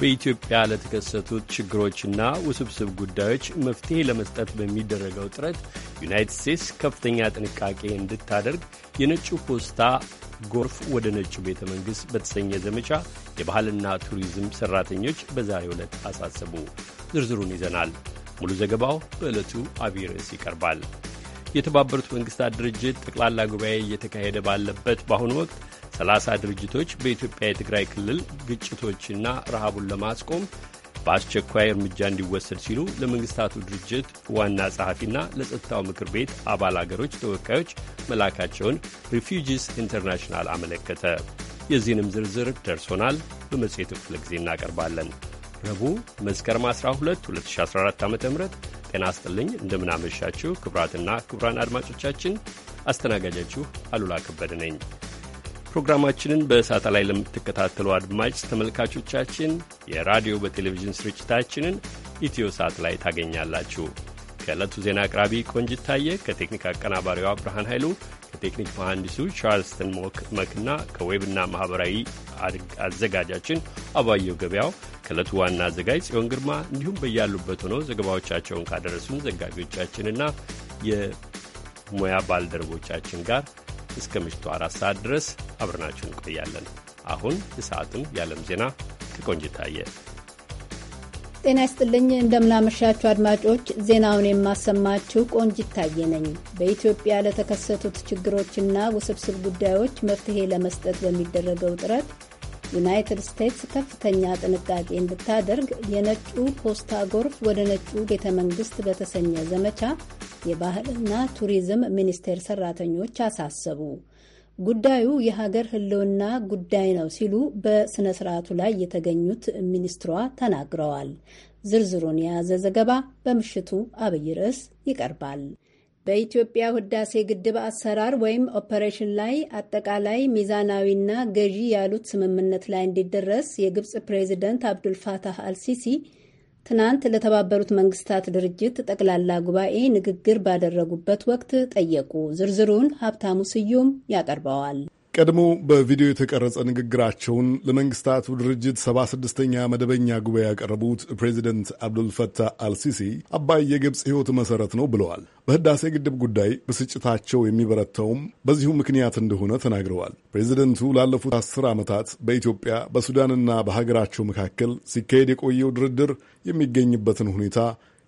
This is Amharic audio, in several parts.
በኢትዮጵያ ለተከሰቱት ችግሮችና ውስብስብ ጉዳዮች መፍትሄ ለመስጠት በሚደረገው ጥረት ዩናይትድ ስቴትስ ከፍተኛ ጥንቃቄ እንድታደርግ የነጩ ፖስታ ጎርፍ ወደ ነጩ ቤተ መንግሥት በተሰኘ ዘመቻ የባህልና ቱሪዝም ሠራተኞች በዛሬው ዕለት አሳሰቡ። ዝርዝሩን ይዘናል። ሙሉ ዘገባው በዕለቱ አብይ ርዕስ ይቀርባል። የተባበሩት መንግሥታት ድርጅት ጠቅላላ ጉባኤ እየተካሄደ ባለበት በአሁኑ ወቅት 30 ድርጅቶች በኢትዮጵያ የትግራይ ክልል ግጭቶችና ረሃቡን ለማስቆም በአስቸኳይ እርምጃ እንዲወሰድ ሲሉ ለመንግስታቱ ድርጅት ዋና ጸሐፊና ለጸጥታው ምክር ቤት አባል አገሮች ተወካዮች መላካቸውን ሪፊውጂስ ኢንተርናሽናል አመለከተ። የዚህንም ዝርዝር ደርሶናል በመጽሔቱ ክፍለ ጊዜ እናቀርባለን። ረቡዕ መስከረም 12 2014 ዓ ም ጤና ይስጥልኝ። እንደምናመሻችሁ ክቡራትና ክቡራን አድማጮቻችን አስተናጋጃችሁ አሉላ ከበደ ነኝ። ፕሮግራማችንን ላይ ለምትከታተሉ አድማጭ ተመልካቾቻችን የራዲዮ በቴሌቪዥን ስርጭታችንን ኢትዮ ሳት ላይ ታገኛላችሁ። ከዕለቱ ዜና አቅራቢ ቆንጅት ታየ፣ ከቴክኒክ አቀናባሪዋ ብርሃን ኃይሉ፣ ከቴክኒክ መሐንዲሱ ቻርልስተን መክና ከዌብና ማኅበራዊ አዘጋጃችን አባየው ገበያው ከዕለቱ ዋና አዘጋጅ ጽዮን ግርማ እንዲሁም በያሉበት ሆነው ዘገባዎቻቸውን ካደረሱን ዘጋቢዎቻችንና የሙያ ባልደረቦቻችን ጋር እስከ ምሽቱ አራት ሰዓት ድረስ አብረናችሁ እንቆያለን። አሁን የሰዓቱን የዓለም ዜና ከቆንጅት ጤና ይስጥልኝ፣ እንደምናመሻችሁ አድማጮች። ዜናውን የማሰማችሁ ቆንጅታየ ነኝ። በኢትዮጵያ ለተከሰቱት ችግሮችና ውስብስብ ጉዳዮች መፍትሄ ለመስጠት በሚደረገው ጥረት ዩናይትድ ስቴትስ ከፍተኛ ጥንቃቄ እንድታደርግ የነጩ ፖስታ ጎርፍ ወደ ነጩ ቤተ መንግስት በተሰኘ ዘመቻ የባህልና ቱሪዝም ሚኒስቴር ሰራተኞች አሳሰቡ። ጉዳዩ የሀገር ሕልውና ጉዳይ ነው ሲሉ በሥነ ሥርዓቱ ላይ የተገኙት ሚኒስትሯ ተናግረዋል። ዝርዝሩን የያዘ ዘገባ በምሽቱ አብይ ርዕስ ይቀርባል። በኢትዮጵያ ህዳሴ ግድብ አሰራር ወይም ኦፐሬሽን ላይ አጠቃላይ ሚዛናዊና ገዢ ያሉት ስምምነት ላይ እንዲደረስ የግብፅ ፕሬዚደንት አብዱልፋታህ አልሲሲ ትናንት ለተባበሩት መንግስታት ድርጅት ጠቅላላ ጉባኤ ንግግር ባደረጉበት ወቅት ጠየቁ። ዝርዝሩን ሀብታሙ ስዩም ያቀርበዋል። ቀድሞ በቪዲዮ የተቀረጸ ንግግራቸውን ለመንግስታቱ ድርጅት 76 ስድስተኛ መደበኛ ጉባኤ ያቀረቡት ፕሬዚደንት አብዱልፈታህ አልሲሲ አባይ የግብፅ ሕይወት መሠረት ነው ብለዋል። በህዳሴ ግድብ ጉዳይ ብስጭታቸው የሚበረታውም በዚሁ ምክንያት እንደሆነ ተናግረዋል። ፕሬዚደንቱ ላለፉት አስር ዓመታት በኢትዮጵያ በሱዳንና በሀገራቸው መካከል ሲካሄድ የቆየው ድርድር የሚገኝበትን ሁኔታ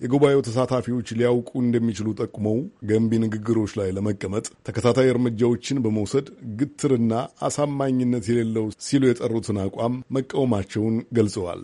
የጉባኤው ተሳታፊዎች ሊያውቁ እንደሚችሉ ጠቁመው ገንቢ ንግግሮች ላይ ለመቀመጥ ተከታታይ እርምጃዎችን በመውሰድ ግትርና አሳማኝነት የሌለው ሲሉ የጠሩትን አቋም መቃወማቸውን ገልጸዋል።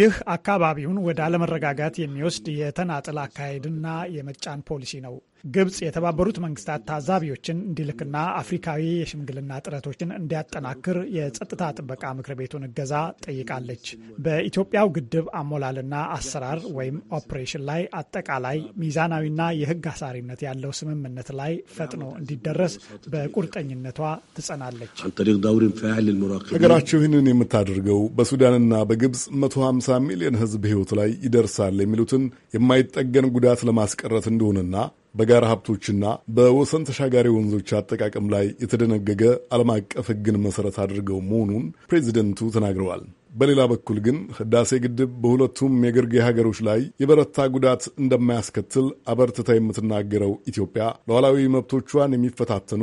ይህ አካባቢውን ወደ አለመረጋጋት የሚወስድ የተናጥል አካሄድና የመጫን ፖሊሲ ነው። ግብጽ የተባበሩት መንግስታት ታዛቢዎችን እንዲልክና አፍሪካዊ የሽምግልና ጥረቶችን እንዲያጠናክር የጸጥታ ጥበቃ ምክር ቤቱን እገዛ ጠይቃለች። በኢትዮጵያው ግድብ አሞላልና አሰራር ወይም ኦፕሬሽን ላይ አጠቃላይ ሚዛናዊና የህግ አሳሪነት ያለው ስምምነት ላይ ፈጥኖ እንዲደረስ በቁርጠኝነቷ ትጸናለች። ሀገራቸው ይህንን የምታደርገው በሱዳንና በግብጽ 150 ሚሊዮን ህዝብ ህይወት ላይ ይደርሳል የሚሉትን የማይጠገን ጉዳት ለማስቀረት እንደሆነና በጋራ ሀብቶችና በወሰን ተሻጋሪ ወንዞች አጠቃቀም ላይ የተደነገገ ዓለም አቀፍ ሕግን መሠረት አድርገው መሆኑን ፕሬዚደንቱ ተናግረዋል። በሌላ በኩል ግን ህዳሴ ግድብ በሁለቱም የግርጌ ሀገሮች ላይ የበረታ ጉዳት እንደማያስከትል አበርትታ የምትናገረው ኢትዮጵያ ሉዓላዊ መብቶቿን የሚፈታተኑ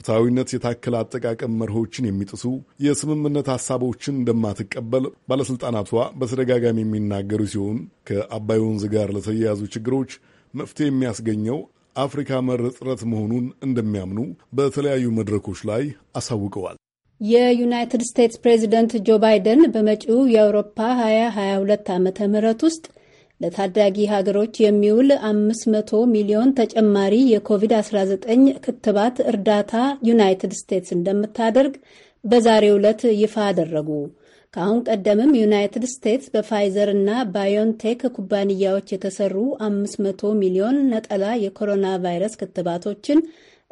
ፍትሐዊነት የታከለ አጠቃቀም መርሆችን የሚጥሱ የስምምነት ሐሳቦችን እንደማትቀበል ባለሥልጣናቷ በተደጋጋሚ የሚናገሩ ሲሆን ከአባይ ወንዝ ጋር ለተያያዙ ችግሮች መፍትሄ የሚያስገኘው አፍሪካ መር ጥረት መሆኑን እንደሚያምኑ በተለያዩ መድረኮች ላይ አሳውቀዋል። የዩናይትድ ስቴትስ ፕሬዚደንት ጆ ባይደን በመጪው የአውሮፓ 2022 ዓመተ ምህረት ውስጥ ለታዳጊ ሀገሮች የሚውል 500 ሚሊዮን ተጨማሪ የኮቪድ-19 ክትባት እርዳታ ዩናይትድ ስቴትስ እንደምታደርግ በዛሬው ዕለት ይፋ አደረጉ። ከአሁን ቀደምም ዩናይትድ ስቴትስ በፋይዘር እና ባዮንቴክ ኩባንያዎች የተሰሩ 500 ሚሊዮን ነጠላ የኮሮና ቫይረስ ክትባቶችን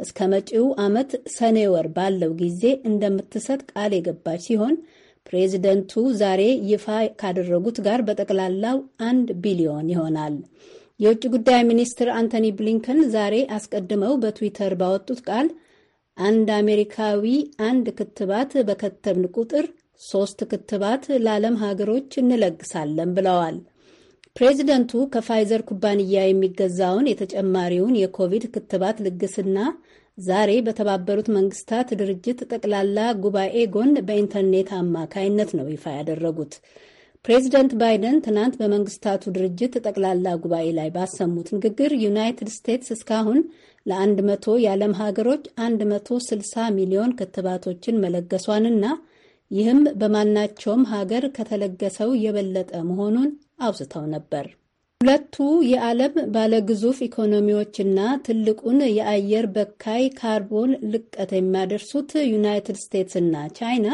እስከ መጪው ዓመት ሰኔ ወር ባለው ጊዜ እንደምትሰጥ ቃል የገባች ሲሆን ፕሬዚደንቱ ዛሬ ይፋ ካደረጉት ጋር በጠቅላላው አንድ ቢሊዮን ይሆናል። የውጭ ጉዳይ ሚኒስትር አንቶኒ ብሊንከን ዛሬ አስቀድመው በትዊተር ባወጡት ቃል አንድ አሜሪካዊ አንድ ክትባት በከተብን ቁጥር ሶስት ክትባት ለዓለም ሀገሮች እንለግሳለን ብለዋል። ፕሬዚደንቱ ከፋይዘር ኩባንያ የሚገዛውን የተጨማሪውን የኮቪድ ክትባት ልግስና ዛሬ በተባበሩት መንግስታት ድርጅት ጠቅላላ ጉባኤ ጎን በኢንተርኔት አማካይነት ነው ይፋ ያደረጉት። ፕሬዚደንት ባይደን ትናንት በመንግስታቱ ድርጅት ጠቅላላ ጉባኤ ላይ ባሰሙት ንግግር ዩናይትድ ስቴትስ እስካሁን ለአንድ መቶ የዓለም ሀገሮች 160 ሚሊዮን ክትባቶችን መለገሷንና ይህም በማናቸውም ሀገር ከተለገሰው የበለጠ መሆኑን አውስተው ነበር። ሁለቱ የዓለም ባለግዙፍ ኢኮኖሚዎችና ትልቁን የአየር በካይ ካርቦን ልቀት የሚያደርሱት ዩናይትድ ና ቻይና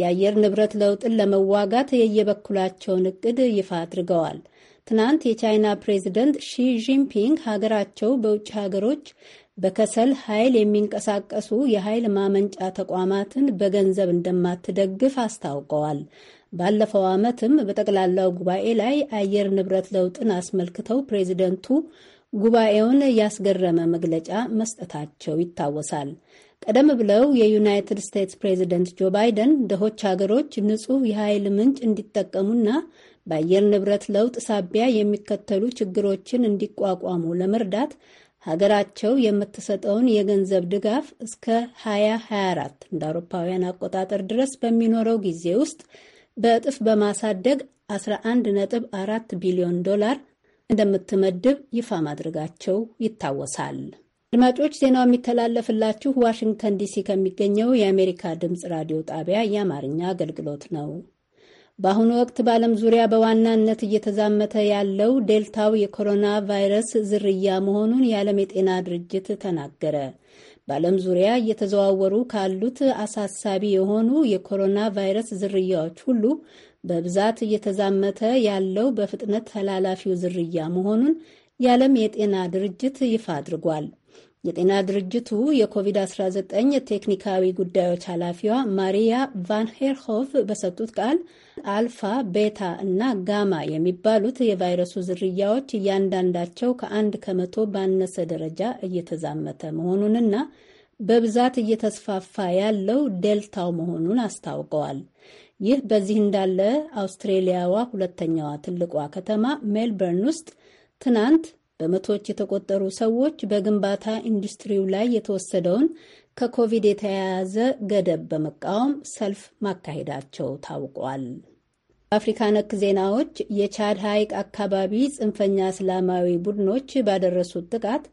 የአየር ንብረት ለውጥን ለመዋጋት የየበኩላቸውን እቅድ ይፋ አድርገዋል። ትናንት የቻይና ፕሬዚደንት ሺ ጂንፒንግ ሀገራቸው በውጭ ሀገሮች በከሰል ኃይል የሚንቀሳቀሱ የኃይል ማመንጫ ተቋማትን በገንዘብ እንደማትደግፍ አስታውቀዋል። ባለፈው ዓመትም በጠቅላላው ጉባኤ ላይ አየር ንብረት ለውጥን አስመልክተው ፕሬዚደንቱ ጉባኤውን ያስገረመ መግለጫ መስጠታቸው ይታወሳል። ቀደም ብለው የዩናይትድ ስቴትስ ፕሬዚደንት ጆ ባይደን ደሆች ሀገሮች ንጹህ የኃይል ምንጭ እንዲጠቀሙና በአየር ንብረት ለውጥ ሳቢያ የሚከተሉ ችግሮችን እንዲቋቋሙ ለመርዳት ሀገራቸው የምትሰጠውን የገንዘብ ድጋፍ እስከ 2024 እንደ አውሮፓውያን አቆጣጠር ድረስ በሚኖረው ጊዜ ውስጥ በእጥፍ በማሳደግ 11.4 ቢሊዮን ዶላር እንደምትመድብ ይፋ ማድረጋቸው ይታወሳል። አድማጮች ዜናው የሚተላለፍላችሁ ዋሽንግተን ዲሲ ከሚገኘው የአሜሪካ ድምፅ ራዲዮ ጣቢያ የአማርኛ አገልግሎት ነው። በአሁኑ ወቅት በዓለም ዙሪያ በዋናነት እየተዛመተ ያለው ዴልታው የኮሮና ቫይረስ ዝርያ መሆኑን የዓለም የጤና ድርጅት ተናገረ። በዓለም ዙሪያ እየተዘዋወሩ ካሉት አሳሳቢ የሆኑ የኮሮና ቫይረስ ዝርያዎች ሁሉ በብዛት እየተዛመተ ያለው በፍጥነት ተላላፊው ዝርያ መሆኑን የዓለም የጤና ድርጅት ይፋ አድርጓል። የጤና ድርጅቱ የኮቪድ-19 ቴክኒካዊ ጉዳዮች ኃላፊዋ ማሪያ ቫን ሄርሆቭ በሰጡት ቃል አልፋ፣ ቤታ እና ጋማ የሚባሉት የቫይረሱ ዝርያዎች እያንዳንዳቸው ከአንድ ከመቶ ባነሰ ደረጃ እየተዛመተ መሆኑንና በብዛት እየተስፋፋ ያለው ዴልታው መሆኑን አስታውቀዋል። ይህ በዚህ እንዳለ አውስትሬሊያዋ ሁለተኛዋ ትልቋ ከተማ ሜልበርን ውስጥ ትናንት በመቶዎች የተቆጠሩ ሰዎች በግንባታ ኢንዱስትሪው ላይ የተወሰደውን ከኮቪድ የተያያዘ ገደብ በመቃወም ሰልፍ ማካሄዳቸው ታውቋል። በአፍሪካ ነክ ዜናዎች የቻድ ሐይቅ አካባቢ ጽንፈኛ እስላማዊ ቡድኖች ባደረሱት ጥቃት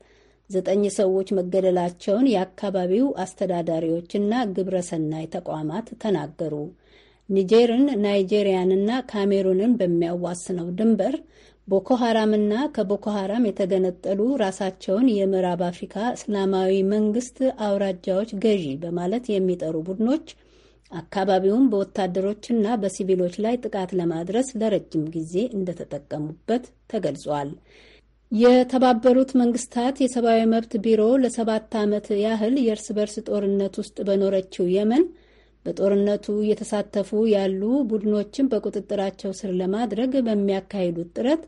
ዘጠኝ ሰዎች መገደላቸውን የአካባቢው አስተዳዳሪዎችና ግብረሰናይ ተቋማት ተናገሩ። ኒጀርን፣ ናይጄሪያንና ካሜሩንን በሚያዋስነው ድንበር ቦኮ ሐራምና ከቦኮ ሐራም የተገነጠሉ ራሳቸውን የምዕራብ አፍሪካ እስላማዊ መንግስት አውራጃዎች ገዢ በማለት የሚጠሩ ቡድኖች አካባቢውን በወታደሮችና በሲቪሎች ላይ ጥቃት ለማድረስ ለረጅም ጊዜ እንደተጠቀሙበት ተገልጿል። የተባበሩት መንግስታት የሰብአዊ መብት ቢሮ ለሰባት ዓመት ያህል የእርስ በርስ ጦርነት ውስጥ በኖረችው የመን በጦርነቱ እየተሳተፉ ያሉ ቡድኖችን በቁጥጥራቸው ስር ለማድረግ በሚያካሂዱት ጥረት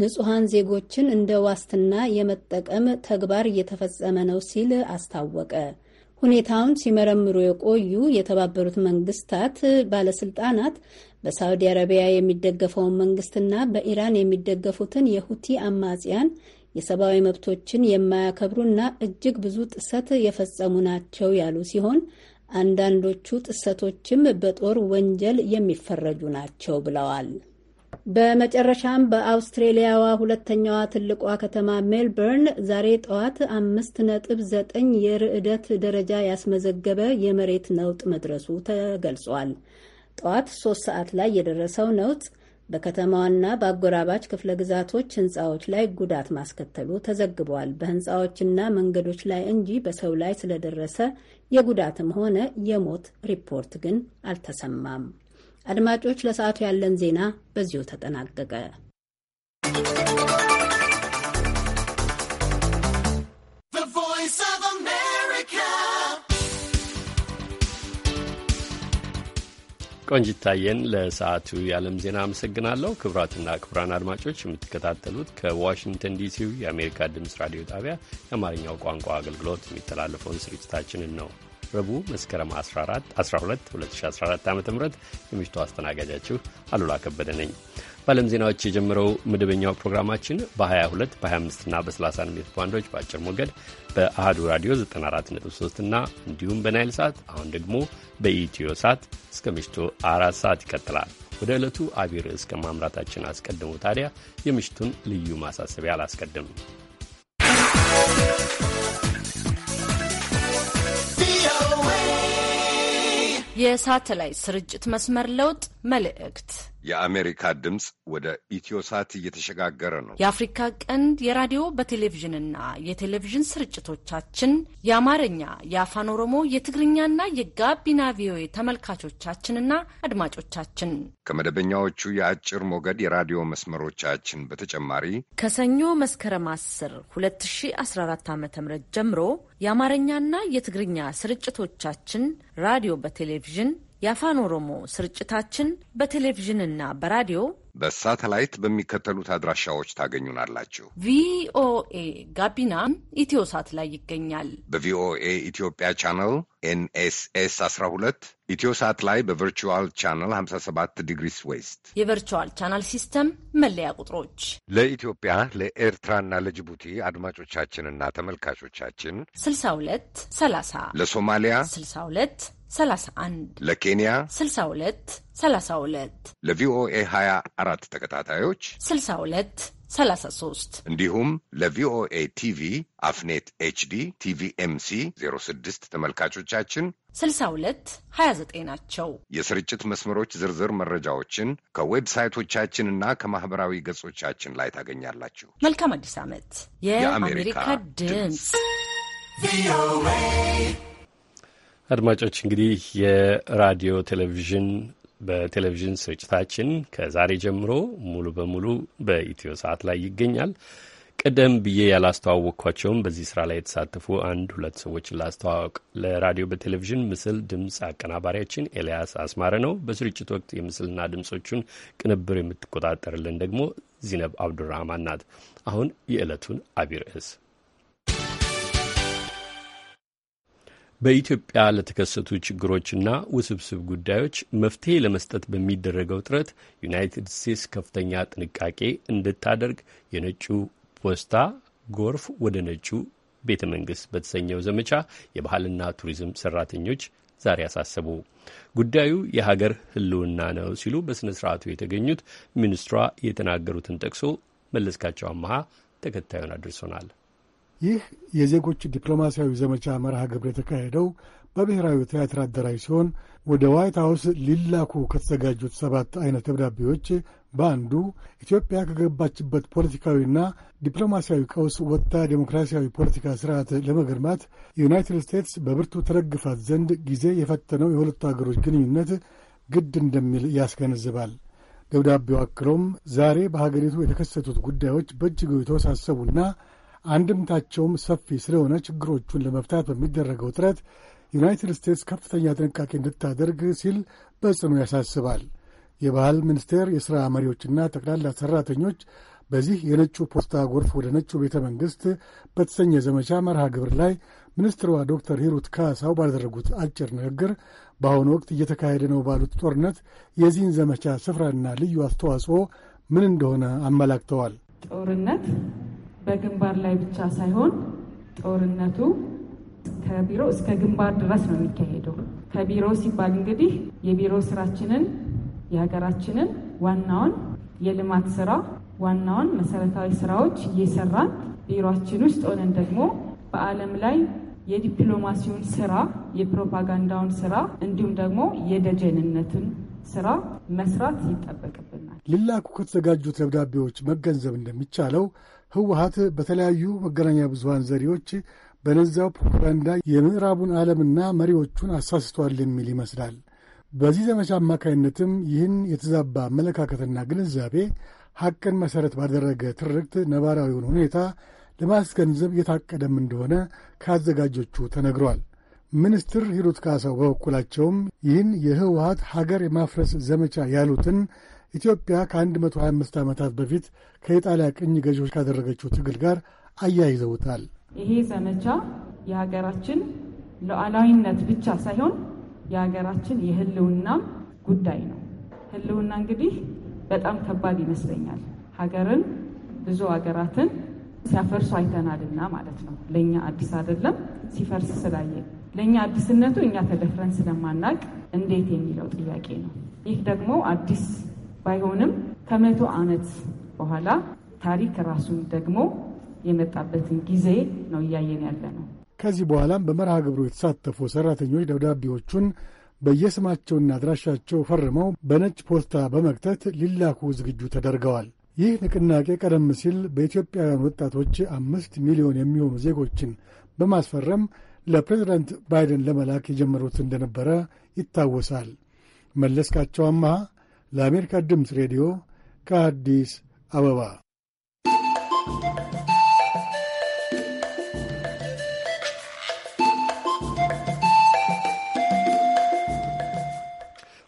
ንጹሐን ዜጎችን እንደ ዋስትና የመጠቀም ተግባር እየተፈጸመ ነው ሲል አስታወቀ። ሁኔታውን ሲመረምሩ የቆዩ የተባበሩት መንግስታት ባለስልጣናት በሳውዲ አረቢያ የሚደገፈውን መንግስትና በኢራን የሚደገፉትን የሁቲ አማጽያን የሰብአዊ መብቶችን የማያከብሩና እጅግ ብዙ ጥሰት የፈጸሙ ናቸው ያሉ ሲሆን አንዳንዶቹ ጥሰቶችም በጦር ወንጀል የሚፈረጁ ናቸው ብለዋል። በመጨረሻም በአውስትሬሊያዋ ሁለተኛዋ ትልቋ ከተማ ሜልበርን ዛሬ ጠዋት አምስት ነጥብ ዘጠኝ የርዕደት ደረጃ ያስመዘገበ የመሬት ነውጥ መድረሱ ተገልጿል። ጠዋት ሶስት ሰዓት ላይ የደረሰው ነውጥ በከተማዋና በአጎራባች ክፍለ ግዛቶች ህንፃዎች ላይ ጉዳት ማስከተሉ ተዘግቧል። በህንፃዎችና መንገዶች ላይ እንጂ በሰው ላይ ስለደረሰ የጉዳትም ሆነ የሞት ሪፖርት ግን አልተሰማም። አድማጮች፣ ለሰዓቱ ያለን ዜና በዚሁ ተጠናቀቀ። ቆንጅታየን ለሰዓቱ የዓለም ዜና አመሰግናለሁ። ክቡራትና ክቡራን አድማጮች የምትከታተሉት ከዋሽንግተን ዲሲው የአሜሪካ ድምፅ ራዲዮ ጣቢያ የአማርኛው ቋንቋ አገልግሎት የሚተላለፈውን ስርጭታችንን ነው። ረቡዕ መስከረም 14 12 2014 ዓ ም የምሽቱ አስተናጋጃችሁ አሉላ ከበደ ነኝ። በዓለም ዜናዎች የጀመረው መደበኛው ፕሮግራማችን በ22 በ25ና በ30 ሜትር ባንዶች በአጭር ሞገድ በአህዱ ራዲዮ 943 እና እንዲሁም በናይል ሰዓት አሁን ደግሞ በኢትዮ ሰዓት እስከ ምሽቱ አራት ሰዓት ይቀጥላል። ወደ ዕለቱ አቢይ ርዕስ ከማምራታችን አስቀድሞ ታዲያ የምሽቱን ልዩ ማሳሰቢያ አላስቀድም። የሳተላይት ስርጭት መስመር ለውጥ መልእክት የአሜሪካ ድምፅ ወደ ኢትዮሳት እየተሸጋገረ ነው። የአፍሪካ ቀንድ የራዲዮ በቴሌቪዥንና የቴሌቪዥን ስርጭቶቻችን የአማርኛ፣ የአፋን ኦሮሞ፣ የትግርኛና የጋቢና ቪኦኤ ተመልካቾቻችንና አድማጮቻችን ከመደበኛዎቹ የአጭር ሞገድ የራዲዮ መስመሮቻችን በተጨማሪ ከሰኞ መስከረም 10 2014 ዓ ም ጀምሮ የአማርኛና የትግርኛ ስርጭቶቻችን ራዲዮ በቴሌቪዥን የአፋን ኦሮሞ ስርጭታችን በቴሌቪዥንና በራዲዮ በሳተላይት በሚከተሉት አድራሻዎች ታገኙናላችሁ። ቪኦኤ ጋቢናም ኢትዮ ላይ ይገኛል። በቪኦኤ ኢትዮጵያ ቻናል ኤንኤስኤስ 12 ኢትዮሳት ላይ በቨርቹዋል ቻናል 57 ዲግሪስ ዌስት የቨርቹዋል ቻናል ሲስተም መለያ ቁጥሮች ለኢትዮጵያ ለኤርትራና ለጅቡቲ አድማጮቻችንና ተመልካቾቻችን 62 30 ለሶማሊያ 62 31 ለኬንያ 62 32 ለቪኦኤ 24 ተከታታዮች 62 33 እንዲሁም ለቪኦኤ ቲቪ አፍኔት ኤችዲ ቲቪ ኤምሲ 06 ተመልካቾቻችን 62 29 ናቸው። የስርጭት መስመሮች ዝርዝር መረጃዎችን ከዌብሳይቶቻችንና ከማኅበራዊ ገጾቻችን ላይ ታገኛላችሁ። መልካም አዲስ ዓመት። የአሜሪካ ድምፅ አድማጮች እንግዲህ የራዲዮ ቴሌቪዥን በቴሌቪዥን ስርጭታችን ከዛሬ ጀምሮ ሙሉ በሙሉ በኢትዮ ሰዓት ላይ ይገኛል። ቀደም ብዬ ያላስተዋወቅኳቸውም በዚህ ስራ ላይ የተሳተፉ አንድ ሁለት ሰዎችን ላስተዋወቅ። ለራዲዮ በቴሌቪዥን ምስል ድምፅ አቀናባሪያችን ኤልያስ አስማረ ነው። በስርጭት ወቅት የምስልና ድምፆቹን ቅንብር የምትቆጣጠርልን ደግሞ ዚነብ አብዱራህማን ናት። አሁን የዕለቱን አቢይ ርዕስ በኢትዮጵያ ለተከሰቱ ችግሮችና ውስብስብ ጉዳዮች መፍትሄ ለመስጠት በሚደረገው ጥረት ዩናይትድ ስቴትስ ከፍተኛ ጥንቃቄ እንድታደርግ የነጩ ፖስታ ጎርፍ ወደ ነጩ ቤተ መንግስት በተሰኘው ዘመቻ የባህልና ቱሪዝም ሰራተኞች ዛሬ አሳሰቡ። ጉዳዩ የሀገር ሕልውና ነው ሲሉ በሥነ ስርዓቱ የተገኙት ሚኒስትሯ የተናገሩትን ጠቅሶ መለስካቸው አመሃ ተከታዩን አድርሶናል። ይህ የዜጎች ዲፕሎማሲያዊ ዘመቻ መርሃ ግብር የተካሄደው በብሔራዊ ቲያትር አደራጅ ሲሆን ወደ ዋይት ሀውስ ሊላኩ ከተዘጋጁት ሰባት አይነት ደብዳቤዎች በአንዱ ኢትዮጵያ ከገባችበት ፖለቲካዊና ዲፕሎማሲያዊ ቀውስ ወጥታ ዴሞክራሲያዊ ፖለቲካ ስርዓት ለመገንባት ዩናይትድ ስቴትስ በብርቱ ተደግፋት ዘንድ ጊዜ የፈተነው የሁለቱ አገሮች ግንኙነት ግድ እንደሚል ያስገነዝባል። ደብዳቤው አክሎም ዛሬ በሀገሪቱ የተከሰቱት ጉዳዮች በእጅጉ የተወሳሰቡና አንድምታቸውም ሰፊ ስለሆነ ችግሮቹን ለመፍታት በሚደረገው ጥረት ዩናይትድ ስቴትስ ከፍተኛ ጥንቃቄ እንድታደርግ ሲል በጽኑ ያሳስባል። የባህል ሚኒስቴር የሥራ መሪዎችና ጠቅላላ ሠራተኞች በዚህ የነጩ ፖስታ ጎርፍ ወደ ነጩ ቤተ መንግሥት በተሰኘ ዘመቻ መርሃ ግብር ላይ ሚኒስትሯ ዶክተር ሂሩት ካሳው ባደረጉት አጭር ንግግር በአሁኑ ወቅት እየተካሄደ ነው ባሉት ጦርነት የዚህን ዘመቻ ስፍራና ልዩ አስተዋጽኦ ምን እንደሆነ አመላክተዋል። ጦርነት በግንባር ላይ ብቻ ሳይሆን ጦርነቱ ከቢሮ እስከ ግንባር ድረስ ነው የሚካሄደው። ከቢሮ ሲባል እንግዲህ የቢሮ ስራችንን የሀገራችንን ዋናውን የልማት ስራ ዋናውን መሰረታዊ ስራዎች እየሰራን ቢሮችን ውስጥ ሆነን ደግሞ በዓለም ላይ የዲፕሎማሲውን ስራ የፕሮፓጋንዳውን ስራ እንዲሁም ደግሞ የደጀንነትን ስራ መስራት ይጠበቅብናል። ልላኩ ከተዘጋጁት ደብዳቤዎች መገንዘብ እንደሚቻለው ህወሀት በተለያዩ መገናኛ ብዙሀን ዘዴዎች በነዛው ፕሮፓጋንዳ የምዕራቡን ዓለምና መሪዎቹን አሳስቷል የሚል ይመስላል። በዚህ ዘመቻ አማካይነትም ይህን የተዛባ አመለካከትና ግንዛቤ ሐቅን መሠረት ባደረገ ትርክት ነባራዊውን ሁኔታ ለማስገንዘብ የታቀደም እንደሆነ ከአዘጋጆቹ ተነግሯል። ሚኒስትር ሂሩት ካሳው በበኩላቸውም ይህን የህወሀት ሀገር የማፍረስ ዘመቻ ያሉትን ኢትዮጵያ ከ125 ዓመታት በፊት ከኢጣሊያ ቅኝ ገዢዎች ካደረገችው ትግል ጋር አያይዘውታል። ይሄ ዘመቻ የሀገራችን ሉዓላዊነት ብቻ ሳይሆን የሀገራችን የህልውና ጉዳይ ነው። ህልውና እንግዲህ በጣም ከባድ ይመስለኛል። ሀገርን ብዙ ሀገራትን ሲያፈርሱ አይተናልና ማለት ነው። ለእኛ አዲስ አይደለም። ሲፈርስ ስላየ ለእኛ አዲስነቱ እኛ ተደፍረን ስለማናቅ እንዴት የሚለው ጥያቄ ነው። ይህ ደግሞ አዲስ ባይሆንም ከመቶ ዓመት በኋላ ታሪክ ራሱን ደግሞ የመጣበትን ጊዜ ነው እያየን ያለ ነው። ከዚህ በኋላም በመርሃ ግብሩ የተሳተፉ ሰራተኞች ደብዳቤዎቹን በየስማቸውና አድራሻቸው ፈርመው በነጭ ፖስታ በመክተት ሊላኩ ዝግጁ ተደርገዋል። ይህ ንቅናቄ ቀደም ሲል በኢትዮጵያውያን ወጣቶች አምስት ሚሊዮን የሚሆኑ ዜጎችን በማስፈረም ለፕሬዚዳንት ባይደን ለመላክ የጀመሩት እንደነበረ ይታወሳል። መለስካቸው አመሃ ለአሜሪካ ድምፅ ሬዲዮ ከአዲስ አበባ።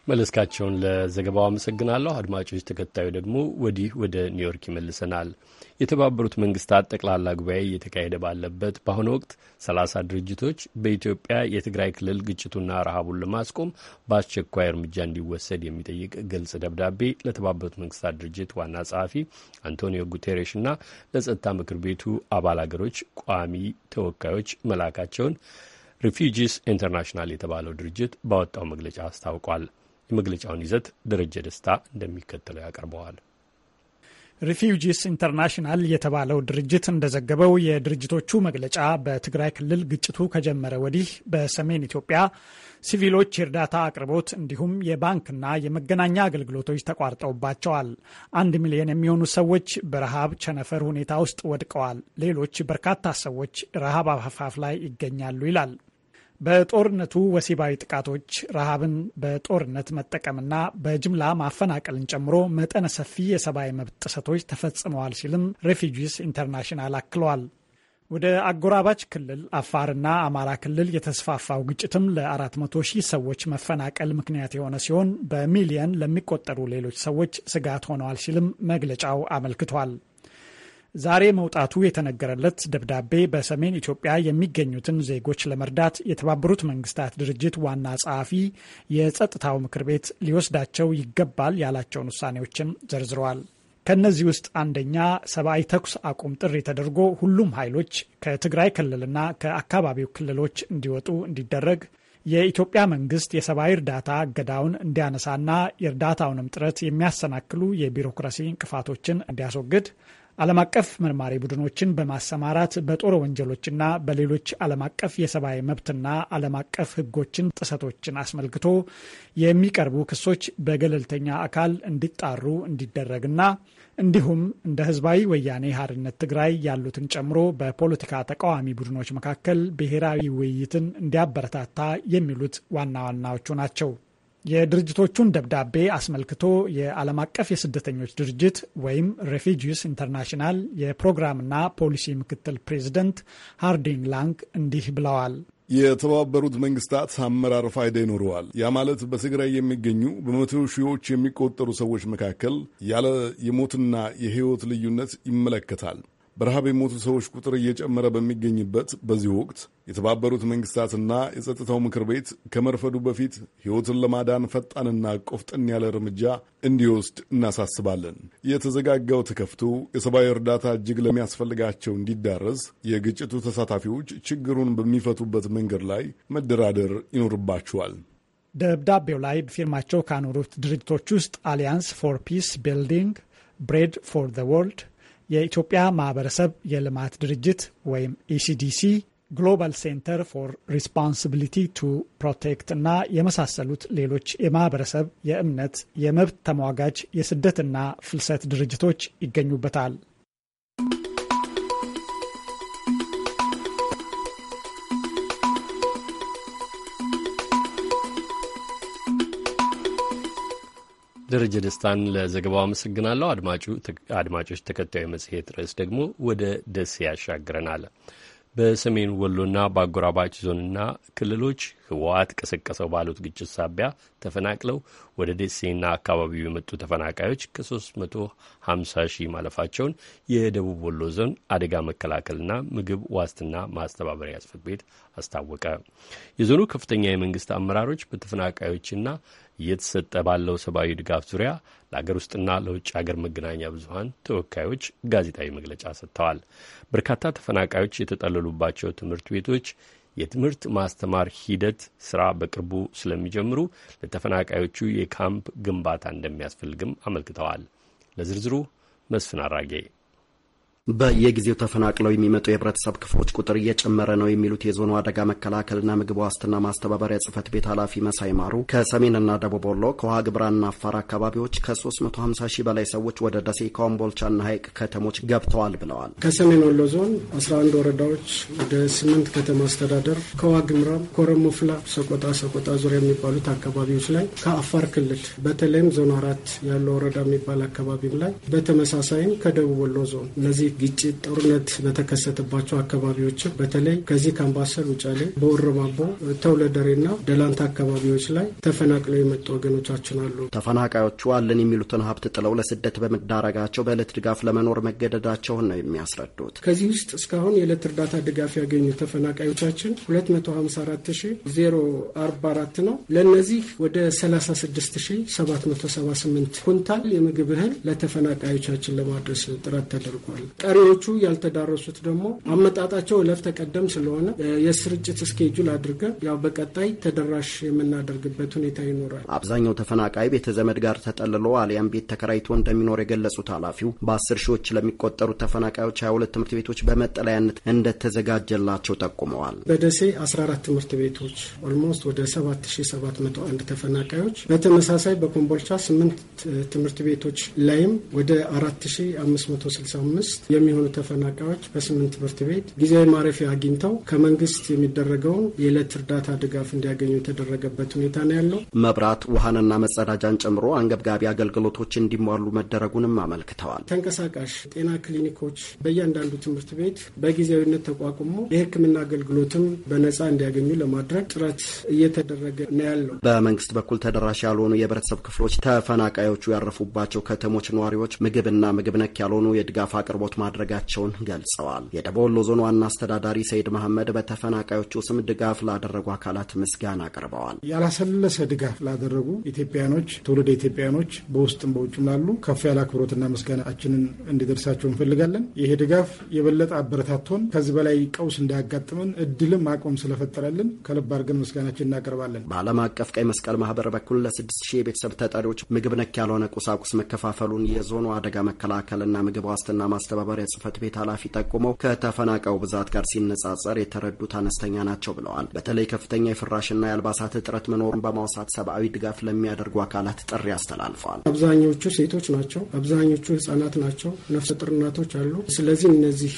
መለስካቸውን ለዘገባው አመሰግናለሁ። አድማጮች፣ ተከታዩ ደግሞ ወዲህ ወደ ኒውዮርክ ይመልሰናል። የተባበሩት መንግስታት ጠቅላላ ጉባኤ እየተካሄደ ባለበት በአሁኑ ወቅት ሰላሳ ድርጅቶች በኢትዮጵያ የትግራይ ክልል ግጭቱና ረሃቡን ለማስቆም በአስቸኳይ እርምጃ እንዲወሰድ የሚጠይቅ ግልጽ ደብዳቤ ለተባበሩት መንግስታት ድርጅት ዋና ጸሐፊ አንቶኒዮ ጉቴሬሽ እና ለጸጥታ ምክር ቤቱ አባል አገሮች ቋሚ ተወካዮች መላካቸውን ሪፊጂስ ኢንተርናሽናል የተባለው ድርጅት ባወጣው መግለጫ አስታውቋል። የመግለጫውን ይዘት ደረጀ ደስታ እንደሚከተለው ያቀርበዋል። ሪፊውጂስ ኢንተርናሽናል የተባለው ድርጅት እንደዘገበው የድርጅቶቹ መግለጫ በትግራይ ክልል ግጭቱ ከጀመረ ወዲህ በሰሜን ኢትዮጵያ ሲቪሎች የእርዳታ አቅርቦት እንዲሁም የባንክና የመገናኛ አገልግሎቶች ተቋርጠውባቸዋል። አንድ ሚሊዮን የሚሆኑ ሰዎች በረሃብ ቸነፈር ሁኔታ ውስጥ ወድቀዋል። ሌሎች በርካታ ሰዎች ረሃብ አፋፍ ላይ ይገኛሉ ይላል በጦርነቱ ወሲባዊ ጥቃቶች፣ ረሃብን በጦርነት መጠቀምና በጅምላ ማፈናቀልን ጨምሮ መጠነ ሰፊ የሰብአዊ መብት ጥሰቶች ተፈጽመዋል ሲልም ሬፊጂስ ኢንተርናሽናል አክለዋል። ወደ አጎራባች ክልል አፋርና አማራ ክልል የተስፋፋው ግጭትም ለ400 ሺህ ሰዎች መፈናቀል ምክንያት የሆነ ሲሆን በሚሊየን ለሚቆጠሩ ሌሎች ሰዎች ስጋት ሆነዋል ሲልም መግለጫው አመልክቷል። ዛሬ መውጣቱ የተነገረለት ደብዳቤ በሰሜን ኢትዮጵያ የሚገኙትን ዜጎች ለመርዳት የተባበሩት መንግስታት ድርጅት ዋና ጸሐፊ የጸጥታው ምክር ቤት ሊወስዳቸው ይገባል ያላቸውን ውሳኔዎችም ዘርዝረዋል። ከእነዚህ ውስጥ አንደኛ ሰብአዊ ተኩስ አቁም ጥሪ ተደርጎ ሁሉም ኃይሎች ከትግራይ ክልልና ከአካባቢው ክልሎች እንዲወጡ እንዲደረግ የኢትዮጵያ መንግስት የሰብአዊ እርዳታ እገዳውን እንዲያነሳና የእርዳታውንም ጥረት የሚያሰናክሉ የቢሮክራሲ እንቅፋቶችን እንዲያስወግድ ዓለም አቀፍ መርማሪ ቡድኖችን በማሰማራት በጦር ወንጀሎችና በሌሎች ዓለም አቀፍ የሰብአዊ መብትና ዓለም አቀፍ ሕጎችን ጥሰቶችን አስመልክቶ የሚቀርቡ ክሶች በገለልተኛ አካል እንዲጣሩ እንዲደረግና እንዲሁም እንደ ህዝባዊ ወያኔ ሀርነት ትግራይ ያሉትን ጨምሮ በፖለቲካ ተቃዋሚ ቡድኖች መካከል ብሔራዊ ውይይትን እንዲያበረታታ የሚሉት ዋና ዋናዎቹ ናቸው። የድርጅቶቹን ደብዳቤ አስመልክቶ የዓለም አቀፍ የስደተኞች ድርጅት ወይም ሬፊጂስ ኢንተርናሽናል የፕሮግራምና ፖሊሲ ምክትል ፕሬዚደንት ሃርዲን ላንግ እንዲህ ብለዋል። የተባበሩት መንግስታት አመራር ፋይዳ ይኖረዋል። ያ ማለት በትግራይ የሚገኙ በመቶ ሺዎች የሚቆጠሩ ሰዎች መካከል ያለ የሞትና የህይወት ልዩነት ይመለከታል። በረሃብ የሞቱ ሰዎች ቁጥር እየጨመረ በሚገኝበት በዚህ ወቅት የተባበሩት መንግስታትና የጸጥታው ምክር ቤት ከመርፈዱ በፊት ሕይወትን ለማዳን ፈጣንና ቆፍጠን ያለ እርምጃ እንዲወስድ እናሳስባለን። የተዘጋጋው ተከፍቶ የሰብአዊ እርዳታ እጅግ ለሚያስፈልጋቸው እንዲዳረስ የግጭቱ ተሳታፊዎች ችግሩን በሚፈቱበት መንገድ ላይ መደራደር ይኖርባቸዋል። ደብዳቤው ላይ ፊርማቸው ካኖሩት ድርጅቶች ውስጥ አሊያንስ ፎር ፒስ ቢልዲንግ፣ ብሬድ ፎር ዘ ወርልድ የኢትዮጵያ ማህበረሰብ የልማት ድርጅት ወይም ኢሲዲሲ ግሎባል ሴንተር ፎር ሪስፖንሲቢሊቲ ቱ ፕሮቴክት እና የመሳሰሉት ሌሎች የማህበረሰብ፣ የእምነት፣ የመብት ተሟጋች፣ የስደትና ፍልሰት ድርጅቶች ይገኙበታል። ደረጀ ደስታን ለዘገባው አመሰግናለሁ። አድማጮች፣ ተከታዩ መጽሔት ርዕስ ደግሞ ወደ ደሴ ያሻግረናል። በሰሜን ወሎና በአጎራባች ዞንና ክልሎች ህወሓት ቀሰቀሰው ባሉት ግጭት ሳቢያ ተፈናቅለው ወደ ደሴና አካባቢው የመጡ ተፈናቃዮች ከ350 ሺህ ማለፋቸውን የደቡብ ወሎ ዞን አደጋ መከላከልና ምግብ ዋስትና ማስተባበሪያ ጽሕፈት ቤት አስታወቀ። የዞኑ ከፍተኛ የመንግስት አመራሮች በተፈናቃዮችና እየተሰጠ ባለው ሰብአዊ ድጋፍ ዙሪያ ለአገር ውስጥና ለውጭ አገር መገናኛ ብዙኃን ተወካዮች ጋዜጣዊ መግለጫ ሰጥተዋል። በርካታ ተፈናቃዮች የተጠለሉባቸው ትምህርት ቤቶች የትምህርት ማስተማር ሂደት ስራ በቅርቡ ስለሚጀምሩ ለተፈናቃዮቹ የካምፕ ግንባታ እንደሚያስፈልግም አመልክተዋል። ለዝርዝሩ መስፍን አራጌ በየጊዜው ተፈናቅለው የሚመጡ የህብረተሰብ ክፍሎች ቁጥር እየጨመረ ነው የሚሉት የዞኑ አደጋ መከላከልና ምግብ ዋስትና ማስተባበሪያ ጽህፈት ቤት ኃላፊ መሳይ ማሩ ከሰሜንና ደቡብ ወሎ ከውሃ ግብራና አፋር አካባቢዎች ከ350 ሺህ በላይ ሰዎች ወደ ደሴ ኮምቦልቻና ሀይቅ ከተሞች ገብተዋል ብለዋል። ከሰሜን ወሎ ዞን 11 ወረዳዎች ወደ 8 ከተማ አስተዳደር ከውሃ ግምራ፣ ኮረሞፍላ፣ ሰቆጣ ሰቆጣ ዙሪያ የሚባሉት አካባቢዎች ላይ ከአፋር ክልል በተለይም ዞን አራት ያለው ወረዳ የሚባል አካባቢም ላይ በተመሳሳይም ከደቡብ ወሎ ዞን እነዚህ ግጭት፣ ጦርነት በተከሰተባቸው አካባቢዎችም በተለይ ከዚህ ከአምባሰል ውጫሌ፣ በወረማቦ፣ ተውለደሬና ደላንታ አካባቢዎች ላይ ተፈናቅለው የመጡ ወገኖቻችን አሉ። ተፈናቃዮቹ አለን የሚሉትን ሀብት ጥለው ለስደት በመዳረጋቸው በዕለት ድጋፍ ለመኖር መገደዳቸውን ነው የሚያስረዱት። ከዚህ ውስጥ እስካሁን የዕለት እርዳታ ድጋፍ ያገኙ ተፈናቃዮቻችን 254044 ነው። ለእነዚህ ወደ 36778 ኩንታል የምግብ እህል ለተፈናቃዮቻችን ለማድረስ ጥረት ተደርጓል። ቀሪዎቹ ያልተዳረሱት ደግሞ አመጣጣቸው እለፍ ተቀደም ስለሆነ የስርጭት እስኬጁል አድርገን ያው በቀጣይ ተደራሽ የምናደርግበት ሁኔታ ይኖራል። አብዛኛው ተፈናቃይ ቤተ ዘመድ ጋር ተጠልሎ አሊያም ቤት ተከራይቶ እንደሚኖር የገለጹት ኃላፊው በአስር ሺዎች ለሚቆጠሩ ተፈናቃዮች ሀያ ሁለት ትምህርት ቤቶች በመጠለያነት እንደተዘጋጀላቸው ጠቁመዋል። በደሴ 14 ትምህርት ቤቶች ኦልሞስት ወደ 7701 ተፈናቃዮች፣ በተመሳሳይ በኮምቦልቻ 8 ትምህርት ቤቶች ላይም ወደ 4565 የሚሆኑ ተፈናቃዮች በስምንት ትምህርት ቤት ጊዜያዊ ማረፊያ አግኝተው ከመንግስት የሚደረገውን የዕለት እርዳታ ድጋፍ እንዲያገኙ የተደረገበት ሁኔታ ነው ያለው። መብራት ውሃንና መጸዳጃን ጨምሮ አንገብጋቢ አገልግሎቶች እንዲሟሉ መደረጉንም አመልክተዋል። ተንቀሳቃሽ ጤና ክሊኒኮች በእያንዳንዱ ትምህርት ቤት በጊዜያዊነት ተቋቁሞ የሕክምና አገልግሎትም በነጻ እንዲያገኙ ለማድረግ ጥረት እየተደረገ ነው ያለው። በመንግስት በኩል ተደራሽ ያልሆኑ የህብረተሰብ ክፍሎች ተፈናቃዮቹ ያረፉባቸው ከተሞች ነዋሪዎች ምግብና ምግብ ነክ ያልሆኑ የድጋፍ አቅርቦት ማድረጋቸውን ገልጸዋል። የደቡብ ወሎ ዞን ዋና አስተዳዳሪ ሰይድ መሐመድ በተፈናቃዮቹ ስም ድጋፍ ላደረጉ አካላት ምስጋና አቅርበዋል። ያላሰለሰ ድጋፍ ላደረጉ ኢትዮጵያኖች፣ ትውልደ ኢትዮጵያኖች በውስጥም በውጭም ላሉ ከፍ ያለ አክብሮትና ምስጋናችንን እንዲደርሳቸው እንፈልጋለን። ይሄ ድጋፍ የበለጠ አበረታቶን ከዚህ በላይ ቀውስ እንዳያጋጥመን እድልም አቆም ስለፈጠረልን ከልብ አድርገን ምስጋናችን እናቀርባለን። በዓለም አቀፍ ቀይ መስቀል ማህበር በኩል ለስድስት ሺህ የቤተሰብ ተጠሪዎች ምግብ ነክ ያልሆነ ቁሳቁስ መከፋፈሉን የዞኑ አደጋ መከላከልና ምግብ ዋስትና ማስተባበ ማህበሪያ ጽህፈት ቤት ኃላፊ ጠቁመው ከተፈናቀው ብዛት ጋር ሲነጻጸር የተረዱት አነስተኛ ናቸው ብለዋል። በተለይ ከፍተኛ የፍራሽና የአልባሳት እጥረት መኖሩን በማውሳት ሰብአዊ ድጋፍ ለሚያደርጉ አካላት ጥሪ አስተላልፈዋል። አብዛኞቹ ሴቶች ናቸው። አብዛኞቹ ህጻናት ናቸው። ነፍሰ ጡር እናቶች አሉ። ስለዚህ እነዚህ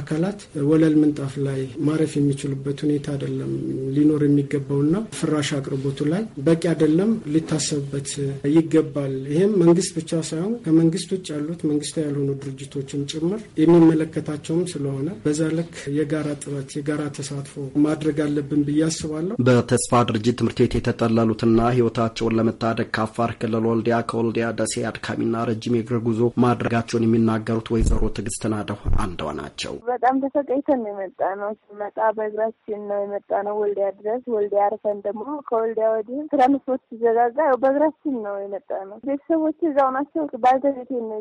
አካላት ወለል ምንጣፍ ላይ ማረፍ የሚችሉበት ሁኔታ አይደለም ሊኖር የሚገባውና ፍራሽ አቅርቦቱ ላይ በቂ አይደለም፣ ሊታሰብበት ይገባል። ይህም መንግስት ብቻ ሳይሆን ከመንግስት ውጭ ያሉት መንግስታዊ ያልሆኑ ድርጅቶችም ጭምር ጭምር የሚመለከታቸውም ስለሆነ በዛ ልክ የጋራ ጥረት የጋራ ተሳትፎ ማድረግ አለብን ብዬ አስባለሁ። በተስፋ ድርጅት ትምህርት ቤት የተጠለሉትና ህይወታቸውን ለመታደግ ከአፋር ክልል ወልዲያ፣ ከወልዲያ ደሴ አድካሚና ረጅም የእግር ጉዞ ማድረጋቸውን የሚናገሩት ወይዘሮ ትዕግስት ናደው አንዷ ናቸው። በጣም ተሰቃይተን ነው የመጣ ነው። ስንመጣ በእግራችን ነው የመጣ ነው ወልዲያ ድረስ። ወልዲያ አርፈን ደግሞ ከወልዲያ ወዲህም ትራንስፖርት ሲዘጋጋ በእግራችን ነው የመጣ ነው። ቤተሰቦች እዛው ናቸው። ባልተቤቴ ነው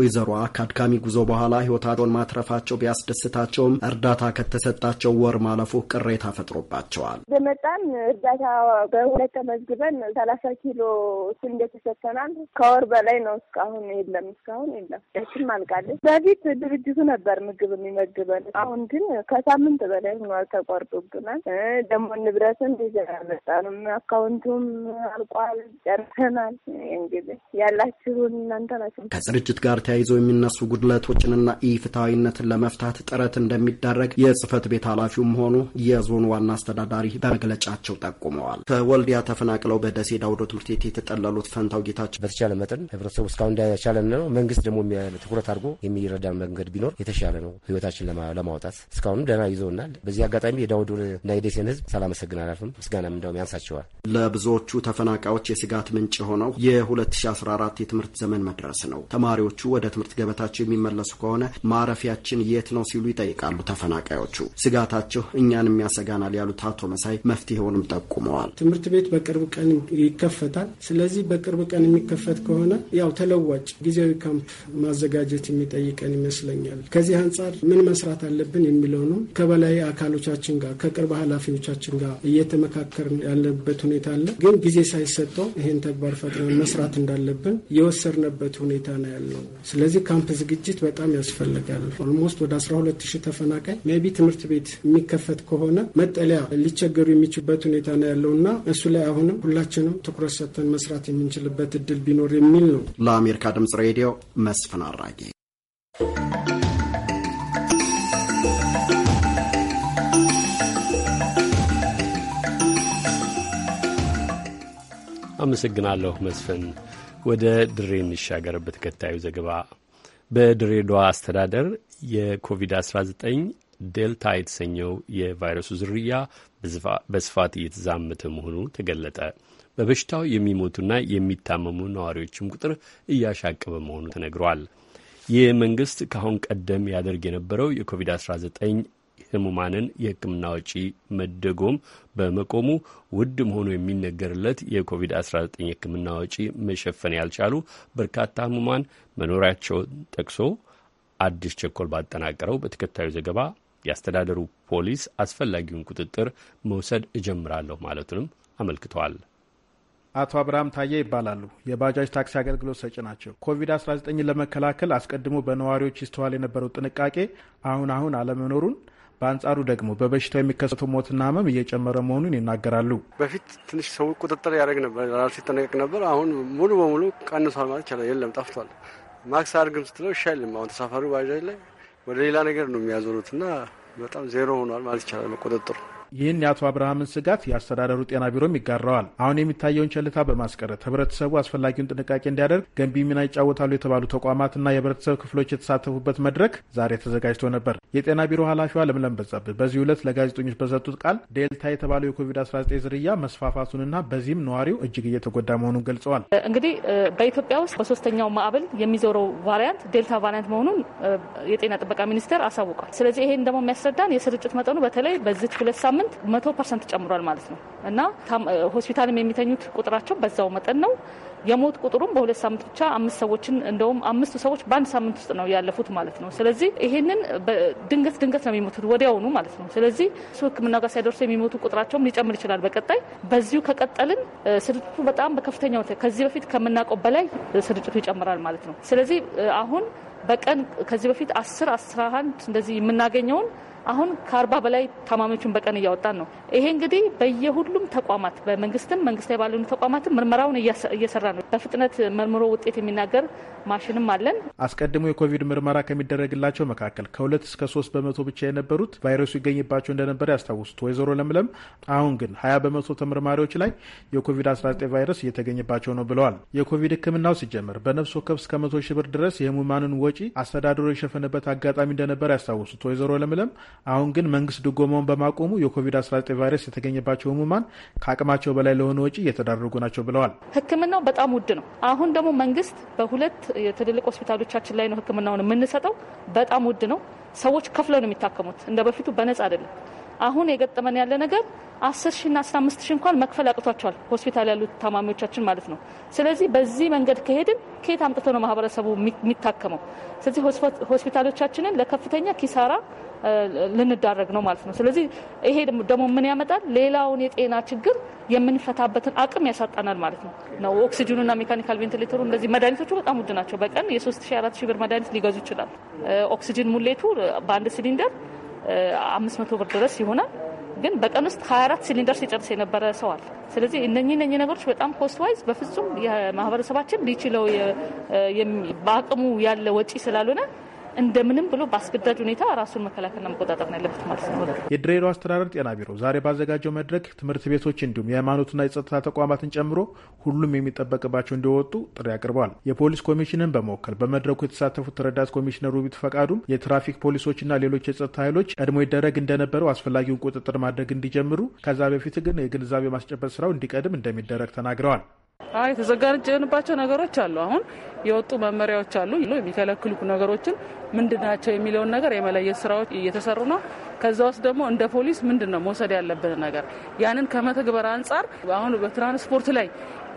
ወይዘሮ ከአድካሚ ጉዞ በኋላ ህይወታቸውን ማትረፋቸው ቢያስደስታቸውም እርዳታ ከተሰጣቸው ወር ማለፉ ቅሬታ ፈጥሮባቸዋል። በመጣን እርዳታ በሁለት ተመዝግበን ሰላሳ ኪሎ ስንዴ ተሰጥተናል። ከወር በላይ ነው። እስካሁን የለም፣ እስካሁን የለም። ያችም አልቃለች። በፊት ድርጅቱ ነበር ምግብ የሚመግበን። አሁን ግን ከሳምንት በላይ ሆኗል። ተቆርጦብናል። ደግሞ ንብረትም ይዘን አልመጣንም። አካውንቱም አልቋል። ጨርሰናል። እንግዲህ ያላችሁን እናንተ ናቸው። ከስርጭት ጋር ተያይዘው የሚነሱ ጉድለቶች ችግሮችንና ኢፍትሐዊነትን ለመፍታት ጥረት እንደሚደረግ የጽህፈት ቤት ኃላፊውም ሆኑ የዞኑ ዋና አስተዳዳሪ በመግለጫቸው ጠቁመዋል። ከወልዲያ ተፈናቅለው በደሴ ዳውዶ ትምህርት ቤት የተጠለሉት ፈንታው ጌታቸው በተቻለ መጠን ህብረተሰቡ እስካሁን እንዳቻለ ነው። መንግስት ደግሞ ትኩረት አድርጎ የሚረዳን መንገድ ቢኖር የተሻለ ነው። ህይወታችን ለማውጣት እስካሁንም ደህና ይዘውናል። በዚህ አጋጣሚ የዳውዶን እና የደሴን ህዝብ ሳላመሰግን አላልፍም። ምስጋናም እንደውም ያንሳቸዋል። ለብዙዎቹ ተፈናቃዮች የስጋት ምንጭ የሆነው የ2014 የትምህርት ዘመን መድረስ ነው። ተማሪዎቹ ወደ ትምህርት ገበታቸው የሚመለሱ የሚመለሱ ከሆነ ማረፊያችን የት ነው ሲሉ ይጠይቃሉ ተፈናቃዮቹ። ስጋታቸው እኛንም ያሰጋናል ያሉት አቶ መሳይ መፍትሄውንም ጠቁመዋል። ትምህርት ቤት በቅርብ ቀን ይከፈታል። ስለዚህ በቅርብ ቀን የሚከፈት ከሆነ ያው ተለዋጭ ጊዜያዊ ካምፕ ማዘጋጀት የሚጠይቀን ይመስለኛል። ከዚህ አንጻር ምን መስራት አለብን የሚለውንም ከበላይ አካሎቻችን ጋር ከቅርብ ኃላፊዎቻችን ጋር እየተመካከር ያለበት ሁኔታ አለ። ግን ጊዜ ሳይሰጠው ይህን ተግባር ፈጥነን መስራት እንዳለብን የወሰድንበት ሁኔታ ነው ያለው። ስለዚህ ካምፕ ዝግጅት በጣም በጣም ያስፈልጋል። ኦልሞስት ወደ 12 ሺህ ተፈናቃይ ሜቢ ትምህርት ቤት የሚከፈት ከሆነ መጠለያ ሊቸገሩ የሚችሉበት ሁኔታ ነው ያለው እና እሱ ላይ አሁንም ሁላችንም ትኩረት ሰጥተን መስራት የምንችልበት እድል ቢኖር የሚል ነው። ለአሜሪካ ድምጽ ሬዲዮ መስፍን አራጌ። አመሰግናለሁ መስፍን። ወደ ድሬ እንሻገር በተከታዩ ዘገባ በድሬዳዋ አስተዳደር የኮቪድ-19 ዴልታ የተሰኘው የቫይረሱ ዝርያ በስፋት እየተዛመተ መሆኑ ተገለጠ። በበሽታው የሚሞቱና የሚታመሙ ነዋሪዎችም ቁጥር እያሻቀበ መሆኑ ተነግሯል። ይህ መንግስት ከአሁን ቀደም ያደርግ የነበረው የኮቪድ-19 ህሙማንን የህክምና ወጪ መደጎም በመቆሙ ውድ መሆኑ የሚነገርለት የኮቪድ-19 ህክምና ወጪ መሸፈን ያልቻሉ በርካታ ህሙማን መኖሪያቸውን ጠቅሶ አዲስ ቸኮል ባጠናቀረው በተከታዩ ዘገባ የአስተዳደሩ ፖሊስ አስፈላጊውን ቁጥጥር መውሰድ እጀምራለሁ ማለቱንም አመልክተዋል። አቶ አብርሃም ታዬ ይባላሉ። የባጃጅ ታክሲ አገልግሎት ሰጪ ናቸው። 19 ለመከላከል አስቀድሞ በነዋሪዎች ይስተዋል የነበረው ጥንቃቄ አሁን አሁን አለመኖሩን በአንጻሩ ደግሞ በበሽታው የሚከሰቱ ሞትና ህመም እየጨመረ መሆኑን ይናገራሉ። በፊት ትንሽ ሰው ቁጥጥር ያደረግ ነበር፣ ራሱ ይጠነቀቅ ነበር። አሁን ሙሉ በሙሉ ቀንሷል ማለት ይቻላል። የለም ጠፍቷል። ማክስ አድርግም ስትለው እሺ አይልም። አሁን ተሳፋሪ ባጃጅ ላይ ወደ ሌላ ነገር ነው የሚያዞሩት እና በጣም ዜሮ ሆኗል ማለት ይቻላል ቁጥጥሩ ይህን የአቶ አብርሃምን ስጋት የአስተዳደሩ ጤና ቢሮም ይጋራዋል። አሁን የሚታየውን ቸልታ በማስቀረት ህብረተሰቡ አስፈላጊውን ጥንቃቄ እንዲያደርግ ገንቢ ሚና ይጫወታሉ የተባሉ ተቋማትና የህብረተሰብ ክፍሎች የተሳተፉበት መድረክ ዛሬ ተዘጋጅቶ ነበር። የጤና ቢሮ ኃላፊዋ ለምለም በዛብህ በዚህ ዕለት ለጋዜጠኞች በሰጡት ቃል ዴልታ የተባለው የኮቪድ-19 ዝርያ መስፋፋቱንና በዚህም ነዋሪው እጅግ እየተጎዳ መሆኑን ገልጸዋል። እንግዲህ በኢትዮጵያ ውስጥ በሶስተኛው ማዕበል የሚዞረው ቫሪያንት ዴልታ ቫሪያንት መሆኑን የጤና ጥበቃ ሚኒስቴር አሳውቋል። ስለዚህ ይሄን ደግሞ የሚያስረዳን የስርጭት መጠኑ በተለይ በዚህ ሁለት ሳምንት ሳምንት መቶ ፐርሰንት ጨምሯል ማለት ነው እና ሆስፒታልም የሚተኙት ቁጥራቸው በዛው መጠን ነው። የሞት ቁጥሩም በሁለት ሳምንት ብቻ አምስት ሰዎችን እንደውም አምስቱ ሰዎች በአንድ ሳምንት ውስጥ ነው ያለፉት ማለት ነው። ስለዚህ ይሄንን ድንገት ድንገት ነው የሚሞቱት ወዲያውኑ ማለት ነው። ስለዚህ እሱ ሕክምና ጋር ሳይደርሱ የሚሞቱ ቁጥራቸውም ሊጨምር ይችላል። በቀጣይ በዚሁ ከቀጠልን ስርጭቱ በጣም በከፍተኛ ከዚህ በፊት ከምናውቀው በላይ ስርጭቱ ይጨምራል ማለት ነው። ስለዚህ አሁን በቀን ከዚህ በፊት አስር አስራ አንድ እንደዚህ የምናገኘውን አሁን ከአርባ በላይ ታማሚዎችን በቀን እያወጣን ነው። ይሄ እንግዲህ በየሁሉም ተቋማት በመንግስትም መንግስታዊ ባልሆኑ ተቋማትም ምርመራውን እየሰራ ነው። በፍጥነት መርምሮ ውጤት የሚናገር ማሽንም አለን። አስቀድሞ የኮቪድ ምርመራ ከሚደረግላቸው መካከል ከሁለት እስከ ሶስት በመቶ ብቻ የነበሩት ቫይረሱ ይገኝባቸው እንደነበረ ያስታውሱት ወይዘሮ ለምለም አሁን ግን ሀያ በመቶ ተመርማሪዎች ላይ የኮቪድ-19 ቫይረስ እየተገኘባቸው ነው ብለዋል። የኮቪድ ህክምናው ሲጀምር በነፍስ ወከፍ እስከ መቶ ሺህ ብር ድረስ የህሙማንን ወጪ አስተዳድሮ የሸፈነበት አጋጣሚ እንደነበረ ያስታውሱት ወይዘሮ ለምለም አሁን ግን መንግስት ድጎማውን በማቆሙ የኮቪድ-19 ቫይረስ የተገኘባቸው ህሙማን ከአቅማቸው በላይ ለሆነ ወጪ እየተዳረጉ ናቸው ብለዋል። ህክምናው በጣም ውድ ነው። አሁን ደግሞ መንግስት በሁለት የትልልቅ ሆስፒታሎቻችን ላይ ነው ህክምናውን የምንሰጠው። በጣም ውድ ነው። ሰዎች ከፍለው ነው የሚታከሙት። እንደ በፊቱ በነጻ አይደለም። አሁን የገጠመን ያለ ነገር አስር ና አስራ አምስት ሺ እንኳን መክፈል አቅቷቸዋል ሆስፒታል ያሉት ታማሚዎቻችን ማለት ነው። ስለዚህ በዚህ መንገድ ከሄድን ከየት አምጥቶ ነው ማህበረሰቡ የሚታከመው? ስለዚህ ሆስፒታሎቻችንን ለከፍተኛ ኪሳራ ልንዳረግ ነው ማለት ነው። ስለዚህ ይሄ ደግሞ ምን ያመጣል? ሌላውን የጤና ችግር የምንፈታበትን አቅም ያሳጣናል ማለት ነው ነው ኦክሲጅኑና ሜካኒካል ቬንቲሌተሩ እንደዚህ መድኃኒቶቹ በጣም ውድ ናቸው። በቀን የ3 ሺ 4 ሺ ብር መድኃኒት ሊገዙ ይችላል። ኦክሲጅን ሙሌቱ በአንድ ሲሊንደር አምስት መቶ ብር ድረስ ይሆናል። ግን በቀን ውስጥ 24 ሲሊንደር ሲጨርስ የነበረ ሰው አለ። ስለዚህ እነኚህ እነኚህ ነገሮች በጣም ኮስት ዋይዝ በፍጹም የማህበረሰባችን ሊችለው በአቅሙ ያለ ወጪ ስላልሆነ እንደምንም ብሎ በአስገዳጅ ሁኔታ ራሱን መከላከልና መቆጣጠር ያለበት ማለት ነው። የድሬዳዋ አስተዳደር ጤና ቢሮ ዛሬ ባዘጋጀው መድረክ ትምህርት ቤቶች እንዲሁም የሃይማኖትና የጸጥታ ተቋማትን ጨምሮ ሁሉም የሚጠበቅባቸው እንዲወጡ ጥሪ አቅርበዋል። የፖሊስ ኮሚሽንን በመወከል በመድረኩ የተሳተፉት ረዳት ኮሚሽነር ሩቢት ፈቃዱም የትራፊክ ፖሊሶችና ሌሎች የጸጥታ ኃይሎች ቀድሞ ይደረግ እንደነበረው አስፈላጊውን ቁጥጥር ማድረግ እንዲጀምሩ ከዛ በፊት ግን የግንዛቤ ማስጨበጥ ስራው እንዲቀድም እንደሚደረግ ተናግረዋል። አይ የተዘጋጀንባቸው ነገሮች አሉ። አሁን የወጡ መመሪያዎች አሉ የሚከለክሉ ነገሮችን ምንድን ናቸው የሚለውን ነገር የመለየት ስራዎች እየተሰሩ ነው። ከዛ ውስጥ ደግሞ እንደ ፖሊስ ምንድን ነው መውሰድ ያለብን ነገር ያንን ከመተግበር አንጻር አሁን በትራንስፖርት ላይ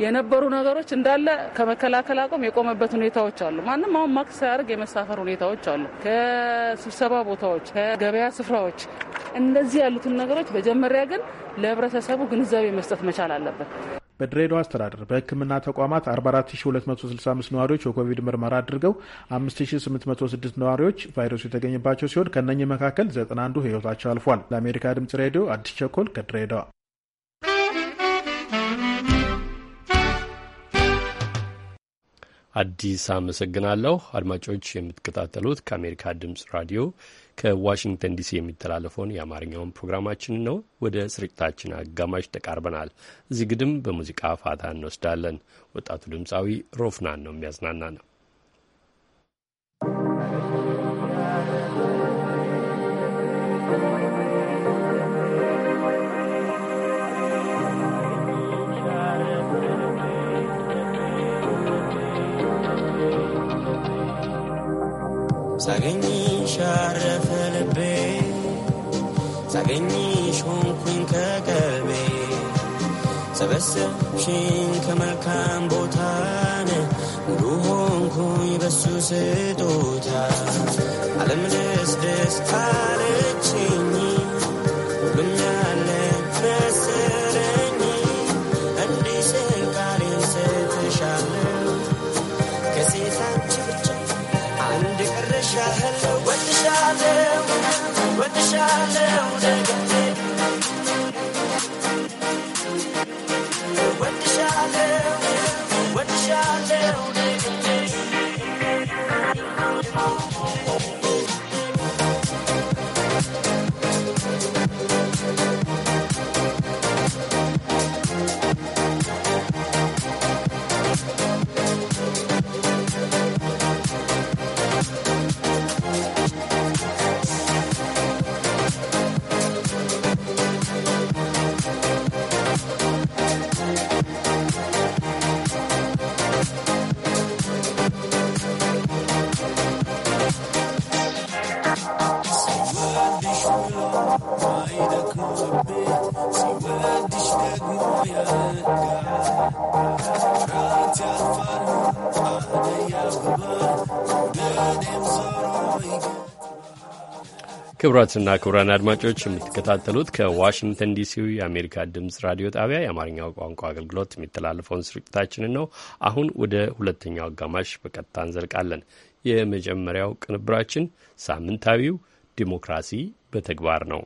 የነበሩ ነገሮች እንዳለ ከመከላከል አቋም የቆመበት ሁኔታዎች አሉ። ማንም አሁን ማክስ ሳያደርግ የመሳፈር ሁኔታዎች አሉ። ከስብሰባ ቦታዎች፣ ከገበያ ስፍራዎች እንደዚህ ያሉትን ነገሮች መጀመሪያ ግን ለህብረተሰቡ ግንዛቤ መስጠት መቻል አለበት። በድሬዳዋ አስተዳደር በሕክምና ተቋማት 44265 ነዋሪዎች የኮቪድ ምርመራ አድርገው 5806 ነዋሪዎች ቫይረሱ የተገኘባቸው ሲሆን ከእነኚህ መካከል 91ዱ ሕይወታቸው አልፏል። ለአሜሪካ ድምጽ ሬዲዮ አዲስ ቸኮል ከድሬዳዋ። አዲስ አመሰግናለሁ። አድማጮች የምትከታተሉት ከአሜሪካ ድምጽ ራዲዮ ከዋሽንግተን ዲሲ የሚተላለፈውን የአማርኛውን ፕሮግራማችን ነው። ወደ ስርጭታችን አጋማሽ ተቃርበናል። እዚህ ግድም በሙዚቃ ፋታ እንወስዳለን። ወጣቱ ድምፃዊ ሮፍናን ነው የሚያዝናና ነው። ሳገኝ ሳገኝሽ ሆንኩኝ ከገቤ ሰበሰብሽን ከመልካም ቦታን ሙሉ ሆንኩኝ በሱ ስጦታ ዓለም ደስ ደስ አለችኝ ሁሉም ያለ ከሴታች ክቡራትና ክቡራን አድማጮች የምትከታተሉት ከዋሽንግተን ዲሲው የአሜሪካ ድምፅ ራዲዮ ጣቢያ የአማርኛው ቋንቋ አገልግሎት የሚተላለፈውን ስርጭታችንን ነው። አሁን ወደ ሁለተኛው አጋማሽ በቀጥታ እንዘልቃለን። የመጀመሪያው ቅንብራችን ሳምንታዊው ዲሞክራሲ በተግባር ነው።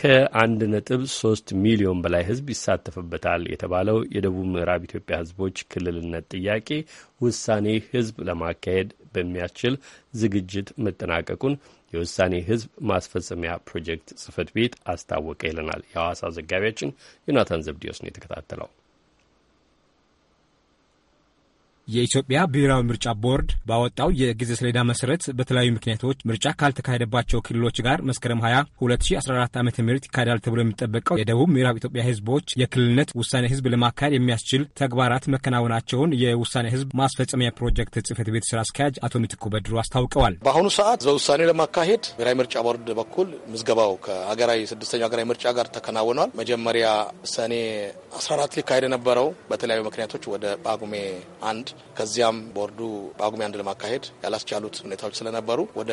ከአንድ ነጥብ ሶስት ሚሊዮን በላይ ሕዝብ ይሳተፍበታል የተባለው የደቡብ ምዕራብ ኢትዮጵያ ሕዝቦች ክልልነት ጥያቄ ውሳኔ ሕዝብ ለማካሄድ በሚያስችል ዝግጅት መጠናቀቁን የውሳኔ ህዝብ ማስፈጸሚያ ፕሮጀክት ጽህፈት ቤት አስታወቀ ይለናል የሐዋሳ ዘጋቢያችን ዮናታን ዘብዲዮስ ነው የተከታተለው። የኢትዮጵያ ብሔራዊ ምርጫ ቦርድ ባወጣው የጊዜ ሰሌዳ መሰረት በተለያዩ ምክንያቶች ምርጫ ካልተካሄደባቸው ክልሎች ጋር መስከረም 20 2014 ዓ ም ይካሄዳል ተብሎ የሚጠበቀው የደቡብ ምዕራብ ኢትዮጵያ ህዝቦች የክልልነት ውሳኔ ህዝብ ለማካሄድ የሚያስችል ተግባራት መከናወናቸውን የውሳኔ ህዝብ ማስፈጸሚያ ፕሮጀክት ጽህፈት ቤት ስራ አስኪያጅ አቶ ሚትኩ በድሩ አስታውቀዋል። በአሁኑ ሰዓት ውሳኔ ለማካሄድ ብሔራዊ ምርጫ ቦርድ በኩል ምዝገባው ከሀገራዊ ስድስተኛው ሀገራዊ ምርጫ ጋር ተከናውኗል። መጀመሪያ ሰኔ 14 ሊካሄድ የነበረው በተለያዩ ምክንያቶች ወደ ጳጉሜ አንድ ከዚያም ቦርዱ ጳጉሜ አንድ ለማካሄድ ያላስቻሉት ሁኔታዎች ስለነበሩ ወደ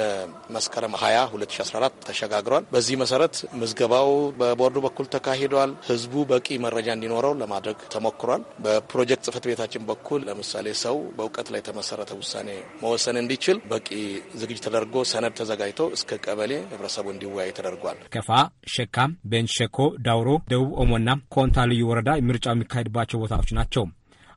መስከረም 20 2014 ተሸጋግሯል። በዚህ መሰረት ምዝገባው በቦርዱ በኩል ተካሂዷል። ህዝቡ በቂ መረጃ እንዲኖረው ለማድረግ ተሞክሯል። በፕሮጀክት ጽህፈት ቤታችን በኩል ለምሳሌ ሰው በእውቀት ላይ የተመሰረተ ውሳኔ መወሰን እንዲችል በቂ ዝግጅት ተደርጎ ሰነድ ተዘጋጅቶ እስከ ቀበሌ ህብረተሰቡ እንዲወያይ ተደርጓል። ከፋ፣ ሸካም፣ ቤንች ሸኮ፣ ዳውሮ፣ ደቡብ ኦሞና ኮንታ ልዩ ወረዳ ምርጫው የሚካሄድባቸው ቦታዎች ናቸው።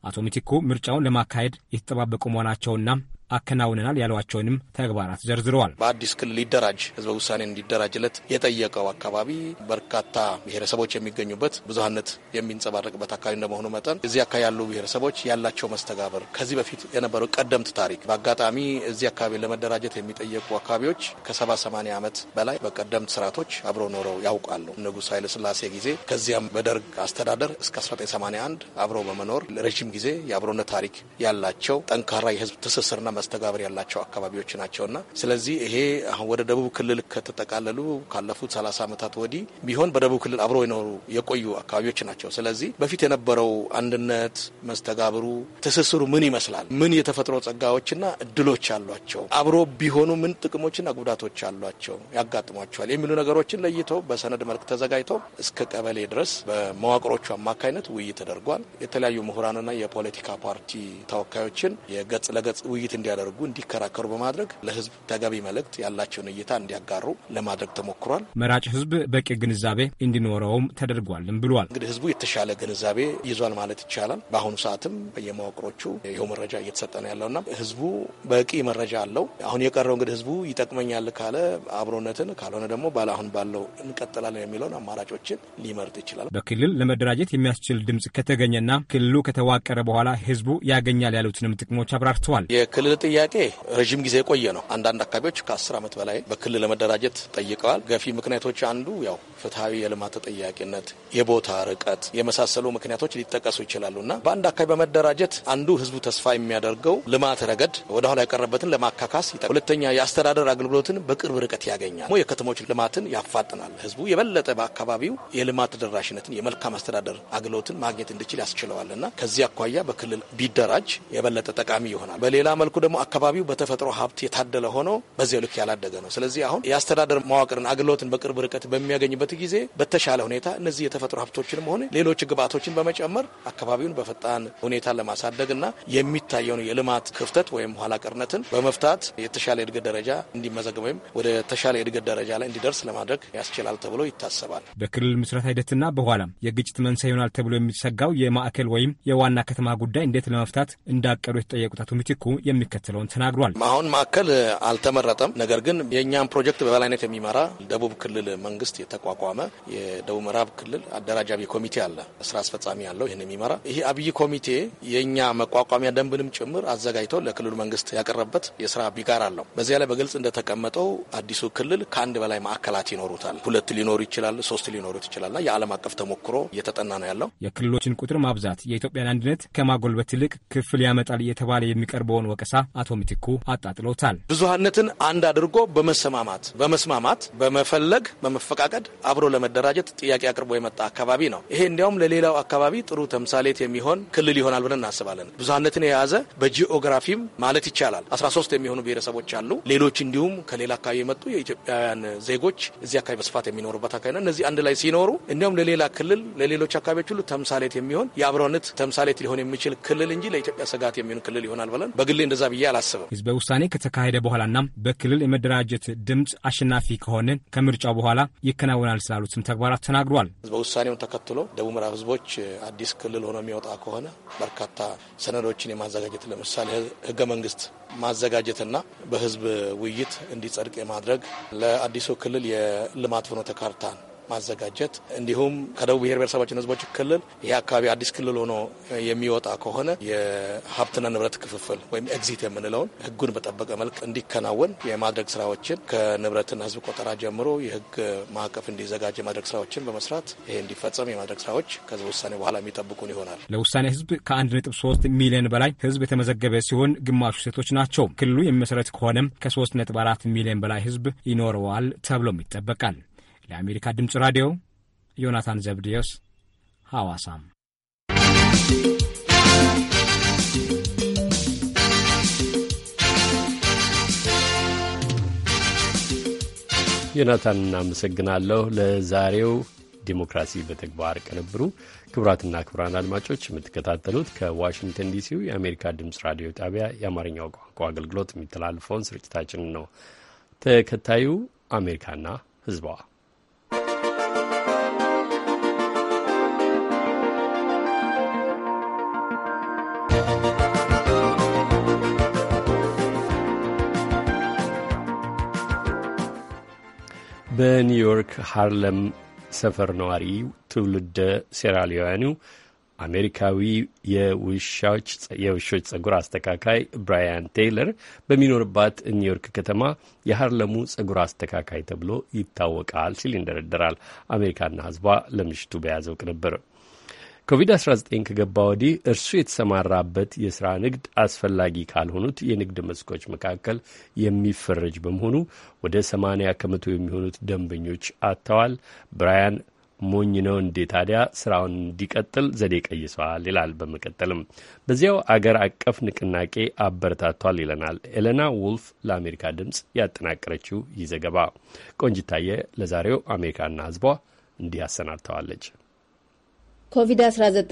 አቶ ምትኩ ምርጫውን ለማካሄድ የተጠባበቁ መሆናቸውና አከናውነናል ያሏቸውንም ተግባራት ዘርዝረዋል። በአዲስ ክልል ሊደራጅ ህዝበ ውሳኔ እንዲደራጅለት የጠየቀው አካባቢ በርካታ ብሔረሰቦች የሚገኙበት ብዙሀነት የሚንጸባረቅበት አካባቢ እንደመሆኑ መጠን እዚህ አካባቢ ያሉ ብሔረሰቦች ያላቸው መስተጋበር ከዚህ በፊት የነበረው ቀደምት ታሪክ በአጋጣሚ እዚህ አካባቢ ለመደራጀት የሚጠየቁ አካባቢዎች ከሰባ ሰማንያ ዓመት በላይ በቀደምት ስርዓቶች አብረው ኖረው ያውቃሉ። ንጉሥ ኃይለ ስላሴ ጊዜ ከዚያም በደርግ አስተዳደር እስከ 1981 አብረው በመኖር ረዥም ጊዜ የአብሮነት ታሪክ ያላቸው ጠንካራ የህዝብ ትስስርና መስተጋብር ያላቸው አካባቢዎች ናቸውና ስለዚህ ይሄ አሁን ወደ ደቡብ ክልል ከተጠቃለሉ ካለፉት ሰላሳ ዓመታት ወዲህ ቢሆን በደቡብ ክልል አብሮ የኖሩ የቆዩ አካባቢዎች ናቸው። ስለዚህ በፊት የነበረው አንድነት፣ መስተጋብሩ፣ ትስስሩ ምን ይመስላል? ምን የተፈጥሮ ጸጋዎችና እድሎች አሏቸው? አብሮ ቢሆኑ ምን ጥቅሞችና ጉዳቶች አሏቸው ያጋጥሟቸዋል? የሚሉ ነገሮችን ለይተው በሰነድ መልክ ተዘጋጅተው እስከ ቀበሌ ድረስ በመዋቅሮቹ አማካኝነት ውይይት ተደርጓል። የተለያዩ ምሁራንና የፖለቲካ ፓርቲ ተወካዮችን የገጽ ለገጽ ውይይት እንዲያደርጉ እንዲከራከሩ በማድረግ ለህዝብ ተገቢ መልእክት ያላቸውን እይታ እንዲያጋሩ ለማድረግ ተሞክሯል። መራጭ ህዝብ በቂ ግንዛቤ እንዲኖረውም ተደርጓልም ብሏል። እንግዲህ ህዝቡ የተሻለ ግንዛቤ ይዟል ማለት ይቻላል። በአሁኑ ሰዓትም በየመዋቅሮቹ ይኸው መረጃ እየተሰጠ ነው ያለውና ህዝቡ በቂ መረጃ አለው። አሁን የቀረው እንግዲህ ህዝቡ ይጠቅመኛል ካለ አብሮነትን፣ ካልሆነ ደግሞ ባለ አሁን ባለው እንቀጥላለን የሚለውን አማራጮችን ሊመርጥ ይችላል። በክልል ለመደራጀት የሚያስችል ድምጽ ከተገኘና ክልሉ ከተዋቀረ በኋላ ህዝቡ ያገኛል ያሉትንም ጥቅሞች አብራርተዋል። የክልል ጥያቄ ረዥም ጊዜ የቆየ ነው። አንዳንድ አካባቢዎች ከአስር ዓመት በላይ በክልል ለመደራጀት ጠይቀዋል። ገፊ ምክንያቶች አንዱ ያው ፍትሐዊ የልማት ተጠያቂነት፣ የቦታ ርቀት የመሳሰሉ ምክንያቶች ሊጠቀሱ ይችላሉ እና በአንድ አካባቢ በመደራጀት አንዱ ህዝቡ ተስፋ የሚያደርገው ልማት ረገድ ወደኋላ የቀረበትን ለማካካስ ይጠ ሁለተኛ የአስተዳደር አገልግሎትን በቅርብ ርቀት ያገኛል። ሞ የከተሞች ልማትን ያፋጥናል። ህዝቡ የበለጠ በአካባቢው የልማት ተደራሽነትን የመልካም አስተዳደር አገልግሎትን ማግኘት እንዲችል ያስችለዋል እና ከዚህ አኳያ በክልል ቢደራጅ የበለጠ ጠቃሚ ይሆናል። በሌላ መልኩ ደግሞ አካባቢው በተፈጥሮ ሀብት የታደለ ሆኖ በዚያ ልክ ያላደገ ነው። ስለዚህ አሁን የአስተዳደር መዋቅርን አገልግሎትን በቅርብ ርቀት በሚያገኝበት ጊዜ በተሻለ ሁኔታ እነዚህ የተፈጥሮ ሀብቶችንም ሆነ ሌሎች ግብአቶችን በመጨመር አካባቢውን በፈጣን ሁኔታ ለማሳደግና የሚታየውን የልማት ክፍተት ወይም ኋላ ቀርነትን በመፍታት የተሻለ የእድገት ደረጃ እንዲመዘግብ ወይም ወደ ተሻለ የእድገት ደረጃ ላይ እንዲደርስ ለማድረግ ያስችላል ተብሎ ይታሰባል። በክልል ምስረት ሂደትና በኋላም የግጭት መንስኤ ይሆናል ተብሎ የሚሰጋው የማዕከል ወይም የዋና ከተማ ጉዳይ እንዴት ለመፍታት እንዳቀዱ የተጠየቁት አቶ የሚ እንደሚያስከትለውን ተናግሯል። አሁን ማዕከል አልተመረጠም። ነገር ግን የእኛም ፕሮጀክት በበላይነት የሚመራ ደቡብ ክልል መንግስት የተቋቋመ የደቡብ ምዕራብ ክልል አደራጃቢ ኮሚቴ አለ። ስራ አስፈጻሚ ያለው ይህን የሚመራ ይህ አብይ ኮሚቴ የእኛ መቋቋሚያ ደንብንም ጭምር አዘጋጅተው ለክልሉ መንግስት ያቀረበት የስራ ቢጋር አለው። በዚያ ላይ በግልጽ እንደተቀመጠው አዲሱ ክልል ከአንድ በላይ ማዕከላት ይኖሩታል። ሁለት ሊኖሩ ይችላል፣ ሶስት ሊኖሩት ይችላልና የዓለም አቀፍ ተሞክሮ እየተጠና ነው ያለው። የክልሎችን ቁጥር ማብዛት የኢትዮጵያን አንድነት ከማጎልበት ትልቅ ክፍል ያመጣል እየተባለ የሚቀርበውን ወቀሳ አቶ ምትኩ አጣጥሎታል። ብዙሀነትን አንድ አድርጎ በመሰማማት በመስማማት በመፈለግ በመፈቃቀድ አብሮ ለመደራጀት ጥያቄ አቅርቦ የመጣ አካባቢ ነው። ይሄ እንዲያውም ለሌላው አካባቢ ጥሩ ተምሳሌት የሚሆን ክልል ይሆናል ብለን እናስባለን። ብዙሀነትን የያዘ በጂኦግራፊም ማለት ይቻላል 13 የሚሆኑ ብሔረሰቦች አሉ። ሌሎች እንዲሁም ከሌላ አካባቢ የመጡ የኢትዮጵያውያን ዜጎች እዚህ አካባቢ በስፋት የሚኖሩበት አካባቢ ነው። እነዚህ አንድ ላይ ሲኖሩ እንዲያውም ለሌላ ክልል ለሌሎች አካባቢዎች ሁሉ ተምሳሌት የሚሆን የአብሮነት ተምሳሌት ሊሆን የሚችል ክልል እንጂ ለኢትዮጵያ ስጋት የሚሆን ክልል ይሆናል ብለን በግሌ እንደዛ ብዬ አላስብም። ህዝበ ውሳኔ ከተካሄደ በኋላና በክልል የመደራጀት ድምፅ አሸናፊ ከሆነ ከምርጫው በኋላ ይከናወናል ስላሉትም ተግባራት ተናግሯል። ህዝበ ውሳኔውን ተከትሎ ደቡብ ምዕራብ ህዝቦች አዲስ ክልል ሆኖ የሚወጣ ከሆነ በርካታ ሰነዶችን የማዘጋጀት ለምሳሌ ህገ መንግስት ማዘጋጀትና በህዝብ ውይይት እንዲጸድቅ የማድረግ ለአዲሱ ክልል የልማት ፍኖተ ካርታን ማዘጋጀት እንዲሁም ከደቡብ ብሔር ብሔረሰቦችና ሕዝቦች ክልል ይሄ አካባቢ አዲስ ክልል ሆኖ የሚወጣ ከሆነ የሀብትና ንብረት ክፍፍል ወይም ኤግዚት የምንለውን ሕጉን በጠበቀ መልክ እንዲከናወን የማድረግ ስራዎችን ከንብረትና ሕዝብ ቆጠራ ጀምሮ የሕግ ማዕቀፍ እንዲዘጋጅ የማድረግ ስራዎችን በመስራት ይሄ እንዲፈጸም የማድረግ ስራዎች ከዚህ ውሳኔ በኋላ የሚጠብቁን ይሆናል። ለውሳኔ ሕዝብ ከ1.3 ሚሊዮን በላይ ሕዝብ የተመዘገበ ሲሆን ግማሹ ሴቶች ናቸው። ክልሉ የሚመሰረት ከሆነም ከ3.4 ሚሊዮን በላይ ሕዝብ ይኖረዋል ተብሎም ይጠበቃል። ለአሜሪካ ድምፅ ራዲዮ ዮናታን ዘብድዮስ ሐዋሳም። ዮናታን እናመሰግናለሁ። ለዛሬው ዲሞክራሲ በተግባር ቅንብሩ ክቡራትና ክቡራን አድማጮች የምትከታተሉት ከዋሽንግተን ዲሲው የአሜሪካ ድምፅ ራዲዮ ጣቢያ የአማርኛው ቋንቋ አገልግሎት የሚተላልፈውን ስርጭታችንን ነው። ተከታዩ አሜሪካና ሕዝቧ በኒውዮርክ ሃርለም ሰፈር ነዋሪ ትውልደ ሴራሊያኑ አሜሪካዊ የውሾች ጸጉር አስተካካይ ብራያን ቴይለር በሚኖርባት ኒውዮርክ ከተማ የሃርለሙ ጸጉር አስተካካይ ተብሎ ይታወቃል ሲል ይንደረደራል አሜሪካና ሕዝቧ ለምሽቱ በያዘው ቅንብር። ኮቪድ-19 ከገባ ወዲህ እርሱ የተሰማራበት የሥራ ንግድ አስፈላጊ ካልሆኑት የንግድ መስኮች መካከል የሚፈረጅ በመሆኑ ወደ 80 ከመቶ የሚሆኑት ደንበኞች አጥተዋል። ብራያን ሞኝ ነው እንዴ ታዲያ ስራውን እንዲቀጥል ዘዴ ቀይሰዋል ይላል። በመቀጠልም በዚያው አገር አቀፍ ንቅናቄ አበረታቷል ይለናል። ኤለና ውልፍ ለአሜሪካ ድምፅ ያጠናቀረችው ይህ ዘገባ ቆንጅታየ ለዛሬው አሜሪካና ህዝቧ እንዲህ አሰናድተዋለች። ኮቪድ-19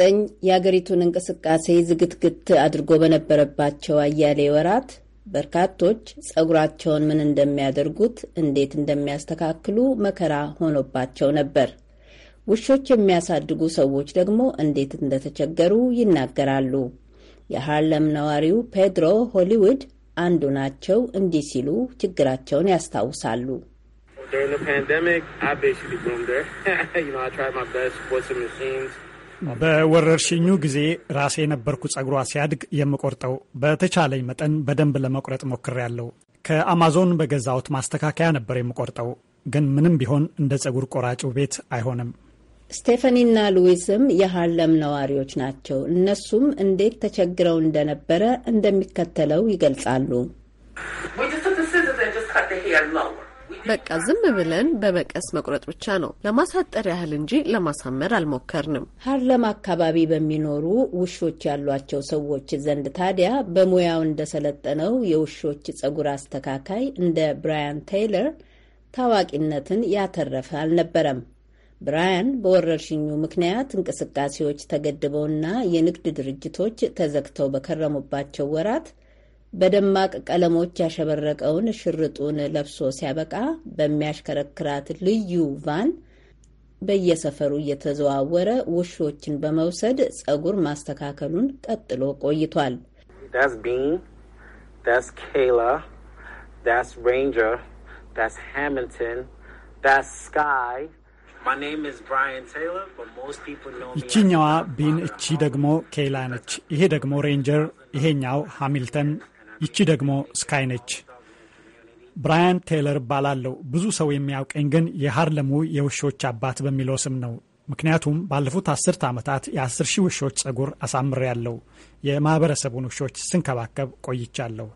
የአገሪቱን እንቅስቃሴ ዝግትግት አድርጎ በነበረባቸው አያሌ ወራት በርካቶች ጸጉራቸውን ምን እንደሚያደርጉት፣ እንዴት እንደሚያስተካክሉ መከራ ሆኖባቸው ነበር። ውሾች የሚያሳድጉ ሰዎች ደግሞ እንዴት እንደተቸገሩ ይናገራሉ። የሃርለም ነዋሪው ፔድሮ ሆሊውድ አንዱ ናቸው። እንዲህ ሲሉ ችግራቸውን ያስታውሳሉ። በወረርሽኙ ጊዜ ራሴ የነበርኩ ጸጉሯ ሲያድግ የምቆርጠው በተቻለኝ መጠን በደንብ ለመቁረጥ ሞክሬያለሁ። ከአማዞን በገዛሁት ማስተካከያ ነበር የምቆርጠው፣ ግን ምንም ቢሆን እንደ ጸጉር ቆራጩ ቤት አይሆንም። ስቴፈኒና ሉዊስም የሃርለም ነዋሪዎች ናቸው። እነሱም እንዴት ተቸግረው እንደነበረ እንደሚከተለው ይገልጻሉ። በቃ ዝም ብለን በመቀስ መቁረጥ ብቻ ነው። ለማሳጠር ያህል እንጂ ለማሳመር አልሞከርንም። ሀርለም አካባቢ በሚኖሩ ውሾች ያሏቸው ሰዎች ዘንድ ታዲያ በሙያው እንደሰለጠነው የውሾች ጸጉር አስተካካይ እንደ ብራያን ቴይለር ታዋቂነትን ያተረፈ አልነበረም። ብራያን በወረርሽኙ ምክንያት እንቅስቃሴዎች ተገድበውና የንግድ ድርጅቶች ተዘግተው በከረሙባቸው ወራት በደማቅ ቀለሞች ያሸበረቀውን ሽርጡን ለብሶ ሲያበቃ በሚያሽከረክራት ልዩ ቫን በየሰፈሩ እየተዘዋወረ ውሾችን በመውሰድ ጸጉር ማስተካከሉን ቀጥሎ ቆይቷል። ይቺኛዋ ቢን፣ እቺ ደግሞ ኬላ ነች። ይሄ ደግሞ ሬንጀር፣ ይሄኛው ሃሚልተን፣ ይቺ ደግሞ ስካይ ነች። ብራያን ቴይለር እባላለሁ። ብዙ ሰው የሚያውቀኝ ግን የሃርለሙ የውሾች አባት በሚለው ስም ነው። ምክንያቱም ባለፉት አስርት ዓመታት የአስር ሺህ ውሾች ጸጉር ያለው የማህበረሰቡን ውሾች ስንከባከብ ቆይቻለሁ።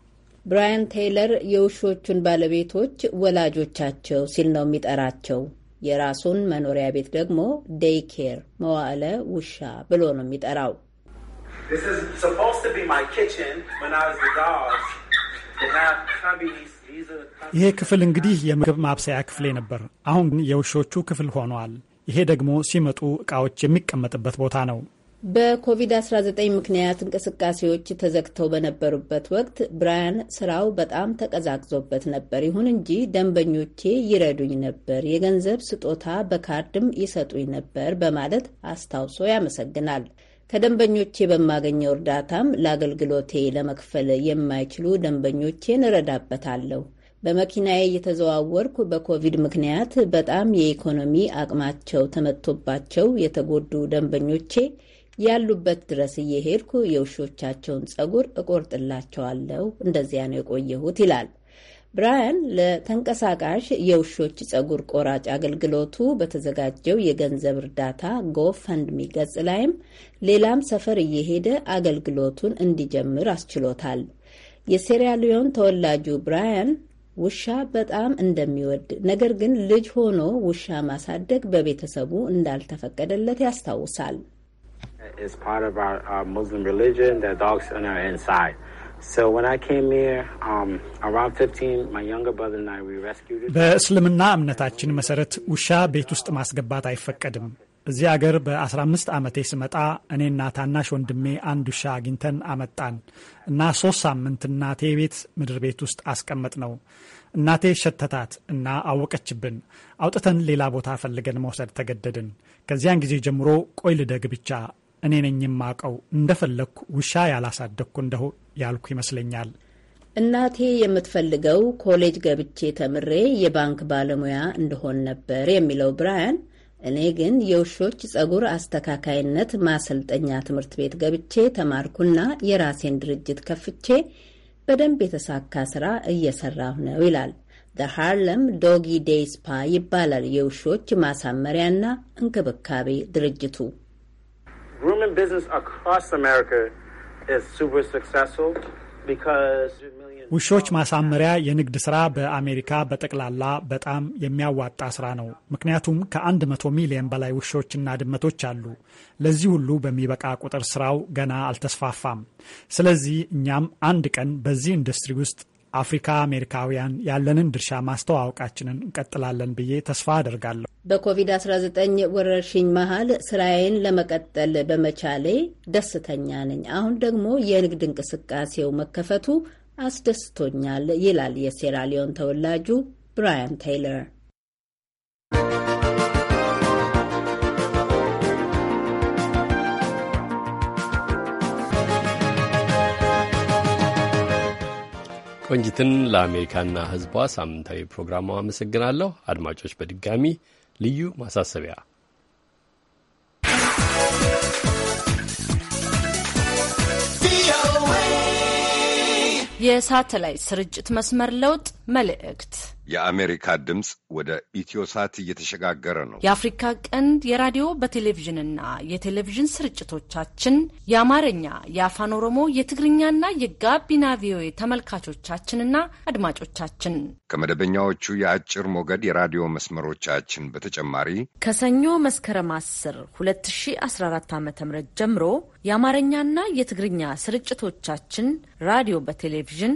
ብራያን ቴይለር የውሾቹን ባለቤቶች ወላጆቻቸው ሲል ነው የሚጠራቸው። የራሱን መኖሪያ ቤት ደግሞ ዴይ ኬር መዋዕለ ውሻ ብሎ ነው የሚጠራው። This is ይሄ ክፍል እንግዲህ የምግብ ማብሰያ ክፍሌ ነበር። አሁን ግን የውሾቹ ክፍል ሆኗል። ይሄ ደግሞ ሲመጡ እቃዎች የሚቀመጥበት ቦታ ነው። በኮቪድ-19 ምክንያት እንቅስቃሴዎች ተዘግተው በነበሩበት ወቅት ብራያን ስራው በጣም ተቀዛቅዞበት ነበር። ይሁን እንጂ ደንበኞቼ ይረዱኝ ነበር፣ የገንዘብ ስጦታ በካርድም ይሰጡኝ ነበር በማለት አስታውሶ ያመሰግናል። ከደንበኞቼ በማገኘው እርዳታም ለአገልግሎቴ ለመክፈል የማይችሉ ደንበኞቼን እረዳበታለሁ። በመኪናዬ እየተዘዋወርኩ በኮቪድ ምክንያት በጣም የኢኮኖሚ አቅማቸው ተመቶባቸው የተጎዱ ደንበኞቼ ያሉበት ድረስ እየሄድኩ የውሾቻቸውን ጸጉር እቆርጥላቸዋለሁ። እንደዚያ ነው የቆየሁት ይላል። ብራያን ለተንቀሳቃሽ የውሾች ጸጉር ቆራጭ አገልግሎቱ በተዘጋጀው የገንዘብ እርዳታ ጎፈንድሚ ገጽ ላይም ሌላም ሰፈር እየሄደ አገልግሎቱን እንዲጀምር አስችሎታል። የሴራሊዮን ተወላጁ ብራያን ውሻ በጣም እንደሚወድ ነገር ግን ልጅ ሆኖ ውሻ ማሳደግ በቤተሰቡ እንዳልተፈቀደለት ያስታውሳል። uh, Um, በእስልምና እምነታችን መሰረት ውሻ ቤት ውስጥ ማስገባት አይፈቀድም። እዚህ አገር በ15 ዓመቴ ስመጣ እኔና ታናሽ ወንድሜ አንድ ውሻ አግኝተን አመጣን እና ሶስት ሳምንት እናቴ ቤት ምድር ቤት ውስጥ አስቀመጥ ነው። እናቴ ሸተታት እና አወቀችብን። አውጥተን ሌላ ቦታ ፈልገን መውሰድ ተገደድን። ከዚያን ጊዜ ጀምሮ ቆይ ልደግ ብቻ እኔ ነኝ የማውቀው እንደፈለግኩ ውሻ ያላሳደግኩ ያልኩ ይመስለኛል። እናቴ የምትፈልገው ኮሌጅ ገብቼ ተምሬ የባንክ ባለሙያ እንደሆን ነበር የሚለው ብራያን፣ እኔ ግን የውሾች ጸጉር አስተካካይነት ማሰልጠኛ ትምህርት ቤት ገብቼ ተማርኩና የራሴን ድርጅት ከፍቼ በደንብ የተሳካ ስራ እየሰራሁ ነው ይላል። ሃርለም ዶጊ ዴይ ይባላል የውሾች ማሳመሪያና እንክብካቤ ድርጅቱ። ውሾች ማሳመሪያ የንግድ ስራ በአሜሪካ በጠቅላላ በጣም የሚያዋጣ ስራ ነው። ምክንያቱም ከ መቶ ሚሊዮን በላይ ውሾችና ድመቶች አሉ። ለዚህ ሁሉ በሚበቃ ቁጥር ስራው ገና አልተስፋፋም። ስለዚህ እኛም አንድ ቀን በዚህ ኢንዱስትሪ ውስጥ አፍሪካ አሜሪካውያን ያለንን ድርሻ ማስተዋወቃችንን እንቀጥላለን ብዬ ተስፋ አደርጋለሁ። በኮቪድ-19 ወረርሽኝ መሀል ስራዬን ለመቀጠል በመቻሌ ደስተኛ ነኝ። አሁን ደግሞ የንግድ እንቅስቃሴው መከፈቱ አስደስቶኛል ይላል የሴራሊዮን ተወላጁ ብራያን ታይለር። ቆንጅትን ለአሜሪካና ሕዝቧ ሳምንታዊ ፕሮግራሙ አመሰግናለሁ። አድማጮች በድጋሚ ልዩ ማሳሰቢያ የሳተላይት ስርጭት መስመር ለውጥ መልእክት የአሜሪካ ድምፅ ወደ ኢትዮሳት እየተሸጋገረ ነው። የአፍሪካ ቀንድ የራዲዮ በቴሌቪዥንና የቴሌቪዥን ስርጭቶቻችን የአማርኛ፣ የአፋን ኦሮሞ፣ የትግርኛና የጋቢና ቪኦኤ ተመልካቾቻችንና አድማጮቻችን ከመደበኛዎቹ የአጭር ሞገድ የራዲዮ መስመሮቻችን በተጨማሪ ከሰኞ መስከረም 10 2014 ዓ ም ጀምሮ የአማርኛና የትግርኛ ስርጭቶቻችን ራዲዮ በቴሌቪዥን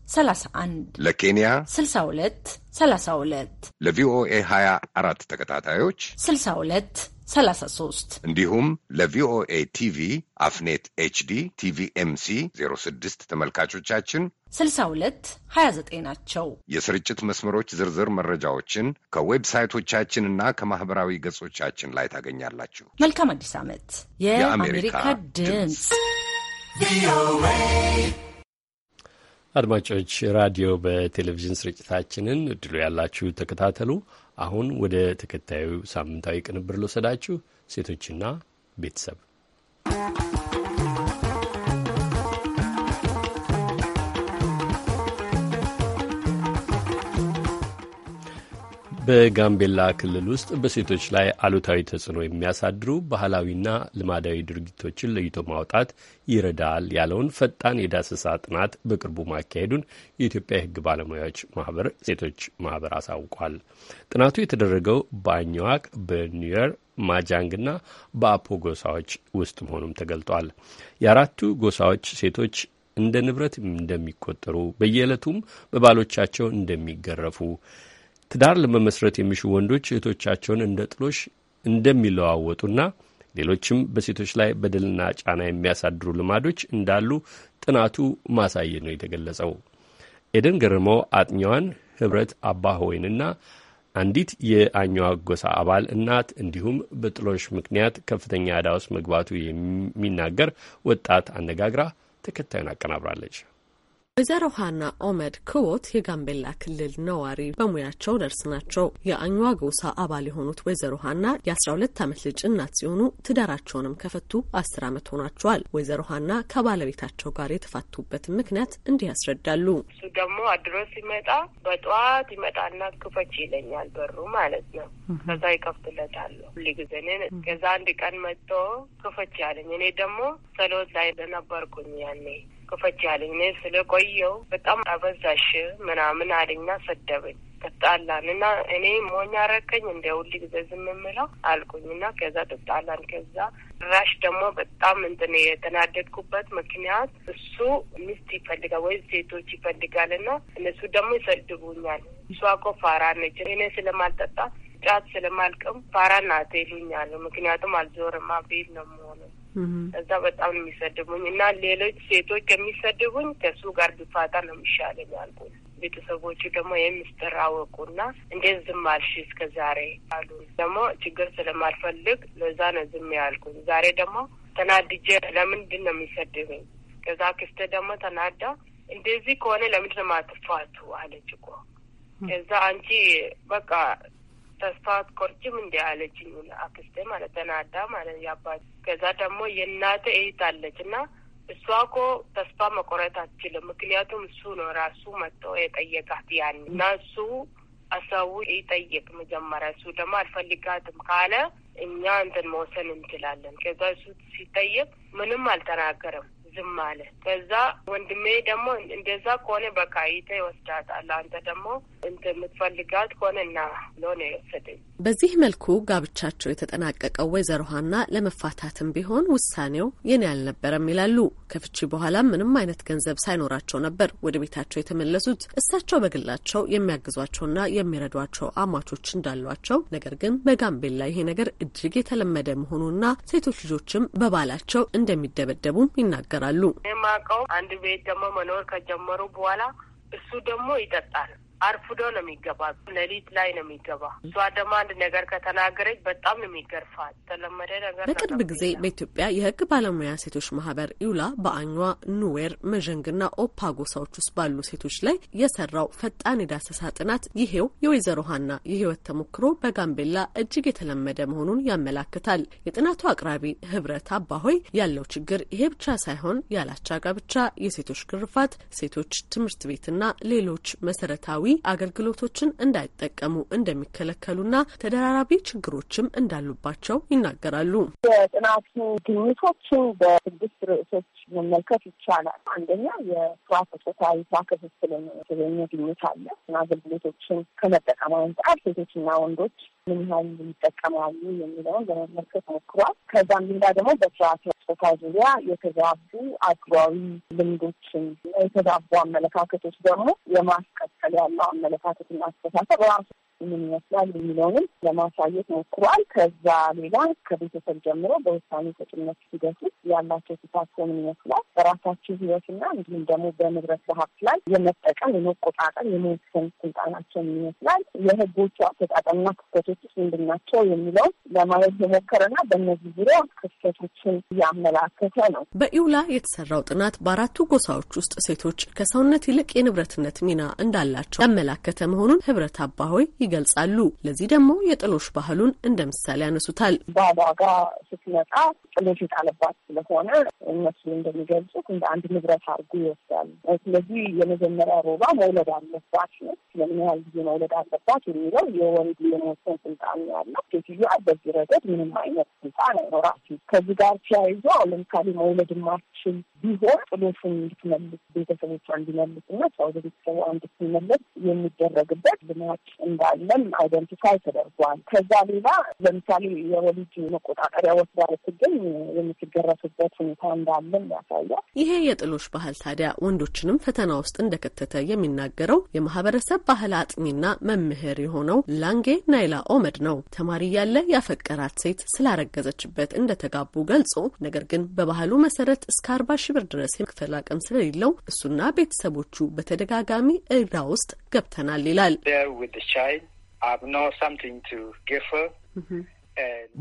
31 ለኬንያ 62 32 ለቪኦኤ 24 ተከታታዮች 62 33 እንዲሁም ለቪኦኤ ቲቪ አፍኔት ኤችዲ ቲቪ ኤምሲ 06 ተመልካቾቻችን 62 29 ናቸው። የስርጭት መስመሮች ዝርዝር መረጃዎችን ከዌብሳይቶቻችንና ከማኅበራዊ ገጾቻችን ላይ ታገኛላችሁ። መልካም አዲስ ዓመት። የአሜሪካ ድምፅ አድማጮች ራዲዮ በቴሌቪዥን ስርጭታችንን እድሉ ያላችሁ ተከታተሉ። አሁን ወደ ተከታዩ ሳምንታዊ ቅንብር ሎሰዳችሁ ሴቶችና ቤተሰብ በጋምቤላ ክልል ውስጥ በሴቶች ላይ አሉታዊ ተጽዕኖ የሚያሳድሩ ባህላዊና ልማዳዊ ድርጊቶችን ለይቶ ማውጣት ይረዳል ያለውን ፈጣን የዳሰሳ ጥናት በቅርቡ ማካሄዱን የኢትዮጵያ የሕግ ባለሙያዎች ማህበር ሴቶች ማህበር አሳውቋል። ጥናቱ የተደረገው በአኝዋክ፣ ማጃንግ ማጃንግና በአፖ ጎሳዎች ውስጥ መሆኑም ተገልጧል። የአራቱ ጎሳዎች ሴቶች እንደ ንብረት እንደሚቆጠሩ በየዕለቱም በባሎቻቸው እንደሚገረፉ ትዳር ለመመስረት የሚሹ ወንዶች እህቶቻቸውን እንደ ጥሎሽ እንደሚለዋወጡና ሌሎችም በሴቶች ላይ በደልና ጫና የሚያሳድሩ ልማዶች እንዳሉ ጥናቱ ማሳየት ነው የተገለጸው። ኤደን ገርመው አጥኚዋን ህብረት አባ ሆይንና አንዲት የአኛዋ ጎሳ አባል እናት እንዲሁም በጥሎሽ ምክንያት ከፍተኛ ዕዳ ውስጥ መግባቱ የሚናገር ወጣት አነጋግራ ተከታዩን አቀናብራለች። ወይዘሮ ሀና ኦመድ ክቦት የጋምቤላ ክልል ነዋሪ በሙያቸው ነርስ ናቸው። የአኟ ጎሳ አባል የሆኑት ወይዘሮ ሀና የአስራ ሁለት ዓመት ልጅ እናት ሲሆኑ ትዳራቸውንም ከፈቱ አስር ዓመት ሆኗቸዋል። ወይዘሮ ሀና ከባለቤታቸው ጋር የተፋቱበትን ምክንያት እንዲህ ያስረዳሉ። እሱ ደግሞ አድሮ ሲመጣ በጠዋት ይመጣና ክፈች ይለኛል፣ በሩ ማለት ነው። ከዛ ይከፍትለታለሁ ሁሉ ጊዜ ከዛ አንድ ቀን መጥቶ ክፈች ያለኝ እኔ ደግሞ ሰሎት ላይ ለነበርኩኝ ያኔ ክፈች አለኝ። እኔ ስለቆየው በጣም አበዛሽ ምናምን አለኝና ሰደበኝ። ተጣላን እና እኔ ሞኛ ረከኝ እንደ ሁል ጊዜ ዝም የምለው አልኩኝ እና ከዛ ተጣላን። ከዛ ራሽ ደግሞ በጣም እንትን የተናደድኩበት ምክንያት እሱ ሚስት ይፈልጋል ወይ ሴቶች ይፈልጋል እና እነሱ ደግሞ ይሰድቡኛል። እሷ እኮ ፋራ ነች፣ እኔ ስለማልጠጣ ጫት ስለማልቅም ፋራ ናት ይሉኛል። ምክንያቱም አልዞርማ ቤት ነው መሆኑ እዛ በጣም የሚሰድቡኝ እና ሌሎች ሴቶች ከሚሰድቡኝ ከሱ ጋር ቢፋታ ነው የሚሻለኝ አልኩኝ። ቤተሰቦቹ ደግሞ የምስጥር አወቁና እንዴት ዝም አልሽ እስከ ዛሬ አሉ። ደግሞ ችግር ስለማልፈልግ ለዛ ነው ዝም ያልኩኝ። ዛሬ ደግሞ ተናድጄ ለምንድን ነው የሚሰድብኝ? ከዛ ክስተ ደግሞ ተናዳ እንደዚህ ከሆነ ለምንድን ነው ማጥፋቱ አለች እኮ ከዛ አንቺ በቃ ተስፋ አትቆርጭም እንዲ አለችኝ። አክስቴ ማለት ተናዳ ማለት ያባት። ከዛ ደግሞ የእናተ እህት አለች እና እሷ እኮ ተስፋ መቆረጥ አትችልም። ምክንያቱም እሱ ነው ራሱ መጥቶ የጠየቃት ያን እና እሱ አሳቡ ይጠይቅ መጀመሪያ። እሱ ደግሞ አልፈልጋትም ካለ እኛ እንትን መወሰን እንችላለን። ከዛ እሱ ሲጠየቅ ምንም አልተናገረም። ዝም አለ። ከዛ ወንድሜ ደግሞ እንደዛ ከሆነ በቃ ይተ ይወስዳታል አንተ ደግሞ እንትን የምትፈልጋት ከሆነ እና ብሎ ነው የወሰደኝ። በዚህ መልኩ ጋብቻቸው የተጠናቀቀው ወይዘሮ ሀና ለመፋታትም ቢሆን ውሳኔው የኔ አልነበረም ይላሉ። ከፍቺ በኋላ ምንም አይነት ገንዘብ ሳይኖራቸው ነበር ወደ ቤታቸው የተመለሱት። እሳቸው በግላቸው የሚያግዟቸውና የሚረዷቸው አማቾች እንዳሏቸው፣ ነገር ግን በጋምቤላ ይሄ ነገር እጅግ የተለመደ መሆኑና ሴቶች ልጆችም በባላቸው እንደሚደበደቡም ይናገራሉ። የማውቀው አንድ ቤት ደግሞ መኖር ከጀመሩ በኋላ እሱ ደግሞ ይጠጣል አርፍዶ ነው የሚገባ፣ ሌሊት ላይ ነው የሚገባ። እሷ ደግሞ አንድ ነገር ከተናገረች በጣም ነው ተለመደ ነገር። በቅርብ ጊዜ በኢትዮጵያ የህግ ባለሙያ ሴቶች ማህበር ኢውላ በአኟ፣ ኑዌር፣ መዠንግና ኦፓ ጎሳዎች ውስጥ ባሉ ሴቶች ላይ የሰራው ፈጣን የዳሰሳ ጥናት ይሄው የወይዘሮ ሀና የህይወት ተሞክሮ በጋምቤላ እጅግ የተለመደ መሆኑን ያመላክታል። የጥናቱ አቅራቢ ህብረት አባሆይ ያለው ችግር ይሄ ብቻ ሳይሆን ያላቻ ጋብቻ፣ የሴቶች ግርፋት፣ ሴቶች ትምህርት ቤትና ሌሎች መሰረታዊ አገልግሎቶችን እንዳይጠቀሙ እንደሚከለከሉና ተደራራቢ ችግሮችም እንዳሉባቸው ይናገራሉ። የጥናቱ ግኝቶችን በስድስት ርዕሶች መመልከት ይቻላል። አንደኛ የስራ ተቆታዊ ስራ ክፍፍል የተገኘ ግኝት አለ አገልግሎቶችን ከመጠቀም አንጻር ሴቶችና ወንዶች ምን ያህል ይጠቀማሉ የሚለውን ለመመልከት ሞክሯል። ከዛም ሌላ ደግሞ በስርዓተ ፆታ ዙሪያ የተዛቡ አድሯዊ ልምዶችን፣ የተዛቡ አመለካከቶች ደግሞ የማስቀጠል ያለው አመለካከትና አስተሳሰብ ራሱ ምን ይመስላል የሚለውንም ለማሳየት ሞክሯል። ከዛ ሌላ ከቤተሰብ ጀምሮ በውሳኔ ሰጭነት ሂደት ውስጥ ያላቸው ተሳትፎ ምን ይመስላል፣ በራሳቸው ህይወትና እንዲሁም ደግሞ በንብረት በሀብት ላይ የመጠቀም የመቆጣጠር፣ የመወሰን ስልጣናቸው ምን ይመስላል፣ የህጎቹ አፈጣጠምና ክፍተቶች ውስጥ ምንድን ናቸው የሚለውን ለማየት የሞከረና በእነዚህ ዙሪያ ክፍተቶችን እያመላከተ ነው። በኢውላ የተሰራው ጥናት በአራቱ ጎሳዎች ውስጥ ሴቶች ከሰውነት ይልቅ የንብረትነት ሚና እንዳላቸው ያመላከተ መሆኑን ህብረት አባሆይ ይገልጻሉ። ለዚህ ደግሞ የጥሎሽ ባህሉን እንደ ምሳሌ ያነሱታል። ባሏ ስትመጣ ጥሎሽ የጣለባት ስለሆነ እነሱ እንደሚገልጹት እንደ አንድ ንብረት አድርጎ ይወስዳሉ። ስለዚህ የመጀመሪያ ሮባ መውለድ አለባት ነው። ስለምን ያህል ጊዜ መውለድ አለባት የሚለው የወንድ የመወሰን ስልጣን ያለው ሴትዮዋ በዚህ ረገድ ምንም አይነት ስልጣን አይኖራትም። ከዚህ ጋር ተያይዞ ለምሳሌ መውለድ ማችል ቢሆን ጥሎሹን እንድትመልስ ቤተሰቦቿ እንዲመልስ እና ሰው ቤተሰቧ እንድትመለስ የሚደረግበት ልማች እንዳለ አይደለም አይደንቲፋይ ተደርጓል። ከዛ ሌላ ለምሳሌ የወሊድ መቆጣጠሪያ ወስዳ ስገኝ የምትገረሱበት ሁኔታ እንዳለም ያሳያል። ይሄ የጥሎሽ ባህል ታዲያ ወንዶችንም ፈተና ውስጥ እንደከተተ የሚናገረው የማህበረሰብ ባህል አጥኚና መምህር የሆነው ላንጌ ናይላ ኦመድ ነው። ተማሪ ያለ ያፈቀራት ሴት ስላረገዘችበት እንደተጋቡ ገልጾ ነገር ግን በባህሉ መሰረት እስከ አርባ ሺህ ብር ድረስ የመክፈል አቅም ስለሌለው እሱና ቤተሰቦቹ በተደጋጋሚ እዳ ውስጥ ገብተናል ይላል። Mm-hmm.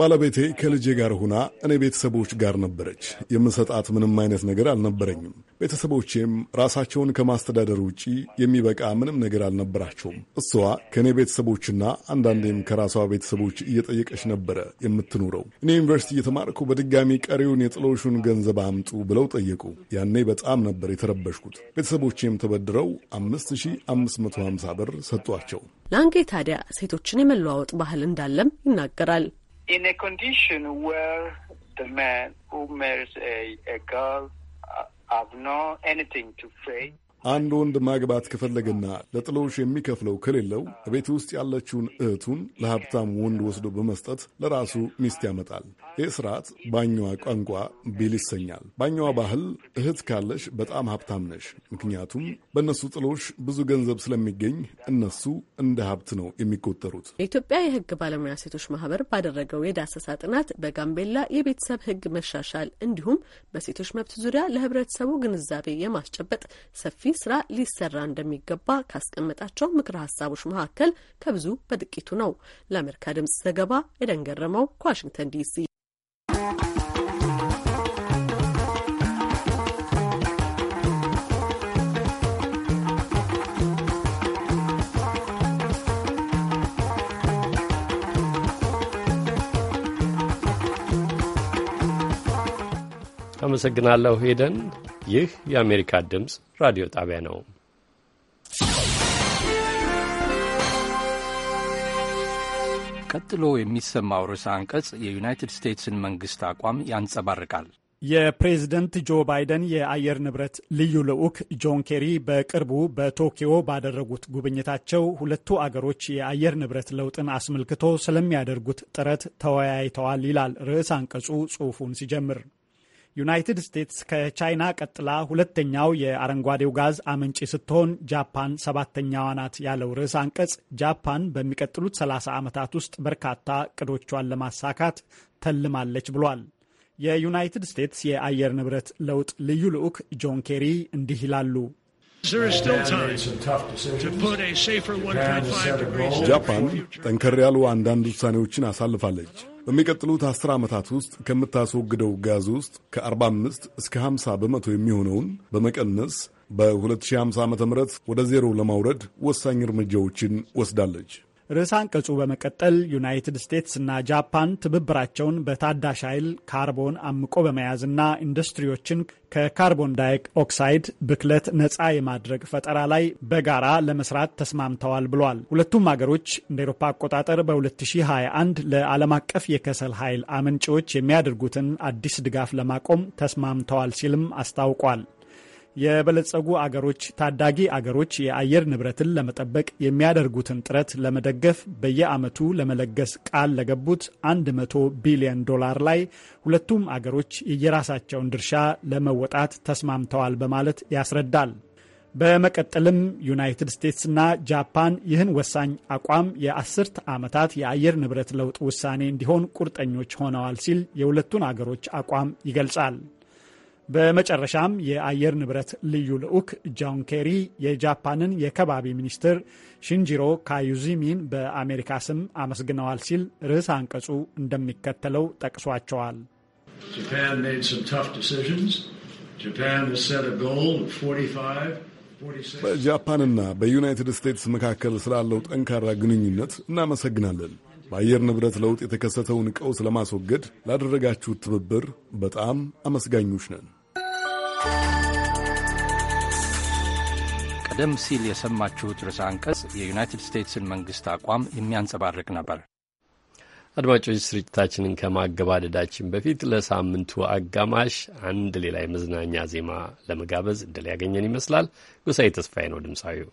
ባለቤቴ ከልጄ ጋር ሁና እኔ ቤተሰቦች ጋር ነበረች። የምሰጣት ምንም አይነት ነገር አልነበረኝም። ቤተሰቦቼም ራሳቸውን ከማስተዳደር ውጪ የሚበቃ ምንም ነገር አልነበራቸውም። እሷ ከእኔ ቤተሰቦችና አንዳንዴም ከራሷ ቤተሰቦች እየጠየቀች ነበረ የምትኖረው። እኔ ዩኒቨርሲቲ እየተማርኩ በድጋሚ ቀሪውን የጥሎሹን ገንዘብ አምጡ ብለው ጠየቁ። ያኔ በጣም ነበር የተረበሽኩት። ቤተሰቦቼም ተበድረው 5550 ብር ሰጧቸው። ላንጌ ታዲያ ሴቶችን የመለዋወጥ ባህል እንዳለም ይናገራል። uh, አንድ ወንድ ማግባት ከፈለገና ለጥሎሽ የሚከፍለው ከሌለው ቤት ውስጥ ያለችውን እህቱን ለሀብታም ወንድ ወስዶ በመስጠት ለራሱ ሚስት ያመጣል። ይህ ስርዓት ባኛዋ ቋንቋ ቢል ይሰኛል። ባኛዋ ባህል እህት ካለሽ በጣም ሀብታም ነሽ፣ ምክንያቱም በእነሱ ጥሎሽ ብዙ ገንዘብ ስለሚገኝ እነሱ እንደ ሀብት ነው የሚቆጠሩት። የኢትዮጵያ የህግ ባለሙያ ሴቶች ማህበር ባደረገው የዳሰሳ ጥናት በጋምቤላ የቤተሰብ ህግ መሻሻል እንዲሁም በሴቶች መብት ዙሪያ ለህብረተሰቡ ግንዛቤ የማስጨበጥ ሰፊ ስራ ሊሰራ እንደሚገባ ካስቀመጣቸው ምክረ ሀሳቦች መካከል ከብዙ በጥቂቱ ነው። ለአሜሪካ ድምጽ ዘገባ የደንገረመው ከዋሽንግተን ዲሲ አመሰግናለሁ ሄደን። ይህ የአሜሪካ ድምፅ ራዲዮ ጣቢያ ነው። ቀጥሎ የሚሰማው ርዕሰ አንቀጽ የዩናይትድ ስቴትስን መንግሥት አቋም ያንጸባርቃል። የፕሬዝደንት ጆ ባይደን የአየር ንብረት ልዩ ልዑክ ጆን ኬሪ በቅርቡ በቶኪዮ ባደረጉት ጉብኝታቸው ሁለቱ አገሮች የአየር ንብረት ለውጥን አስመልክቶ ስለሚያደርጉት ጥረት ተወያይተዋል ይላል ርዕስ አንቀጹ ጽሑፉን ሲጀምር ዩናይትድ ስቴትስ ከቻይና ቀጥላ ሁለተኛው የአረንጓዴው ጋዝ አመንጪ ስትሆን ጃፓን ሰባተኛዋ ናት ያለው ርዕስ አንቀጽ ጃፓን በሚቀጥሉት 30 ዓመታት ውስጥ በርካታ ቅዶቿን ለማሳካት ተልማለች ብሏል። የዩናይትድ ስቴትስ የአየር ንብረት ለውጥ ልዩ ልዑክ ጆን ኬሪ እንዲህ ይላሉ። ጃፓን ጠንከር ያሉ አንዳንድ ውሳኔዎችን አሳልፋለች። በሚቀጥሉት አስር ዓመታት ውስጥ ከምታስወግደው ጋዝ ውስጥ ከ45 እስከ 50 በመቶ የሚሆነውን በመቀነስ በ2050 ዓ ም ወደ ዜሮ ለማውረድ ወሳኝ እርምጃዎችን ወስዳለች። ርዕሰ አንቀጹ በመቀጠል ዩናይትድ ስቴትስ እና ጃፓን ትብብራቸውን በታዳሽ ኃይል ካርቦን አምቆ በመያዝና ኢንዱስትሪዎችን ከካርቦን ዳይ ኦክሳይድ ብክለት ነፃ የማድረግ ፈጠራ ላይ በጋራ ለመስራት ተስማምተዋል ብሏል። ሁለቱም ሀገሮች እንደ ኤሮፓ አቆጣጠር በ2021 ለዓለም አቀፍ የከሰል ኃይል አመንጪዎች የሚያደርጉትን አዲስ ድጋፍ ለማቆም ተስማምተዋል ሲልም አስታውቋል። የበለጸጉ አገሮች ታዳጊ አገሮች የአየር ንብረትን ለመጠበቅ የሚያደርጉትን ጥረት ለመደገፍ በየዓመቱ ለመለገስ ቃል ለገቡት 100 ቢሊዮን ዶላር ላይ ሁለቱም አገሮች የየራሳቸውን ድርሻ ለመወጣት ተስማምተዋል በማለት ያስረዳል። በመቀጠልም ዩናይትድ ስቴትስና ጃፓን ይህን ወሳኝ አቋም የአስርት ዓመታት የአየር ንብረት ለውጥ ውሳኔ እንዲሆን ቁርጠኞች ሆነዋል ሲል የሁለቱን አገሮች አቋም ይገልጻል። በመጨረሻም የአየር ንብረት ልዩ ልዑክ ጆን ኬሪ የጃፓንን የከባቢ ሚኒስትር ሽንጂሮ ካዩዚሚን በአሜሪካ ስም አመስግነዋል ሲል ርዕስ አንቀጹ እንደሚከተለው ጠቅሷቸዋል። በጃፓንና በዩናይትድ ስቴትስ መካከል ስላለው ጠንካራ ግንኙነት እናመሰግናለን። በአየር ንብረት ለውጥ የተከሰተውን ቀውስ ለማስወገድ ላደረጋችሁት ትብብር በጣም አመስጋኞች ነን። ቀደም ሲል የሰማችሁት ርዕሰ አንቀጽ የዩናይትድ ስቴትስን መንግስት አቋም የሚያንጸባርቅ ነበር። አድማጮች፣ ስርጭታችንን ከማገባደዳችን በፊት ለሳምንቱ አጋማሽ አንድ ሌላ የመዝናኛ ዜማ ለመጋበዝ እድል ያገኘን ይመስላል። ጉሳዬ ተስፋዬ ነው ድምፃዊው።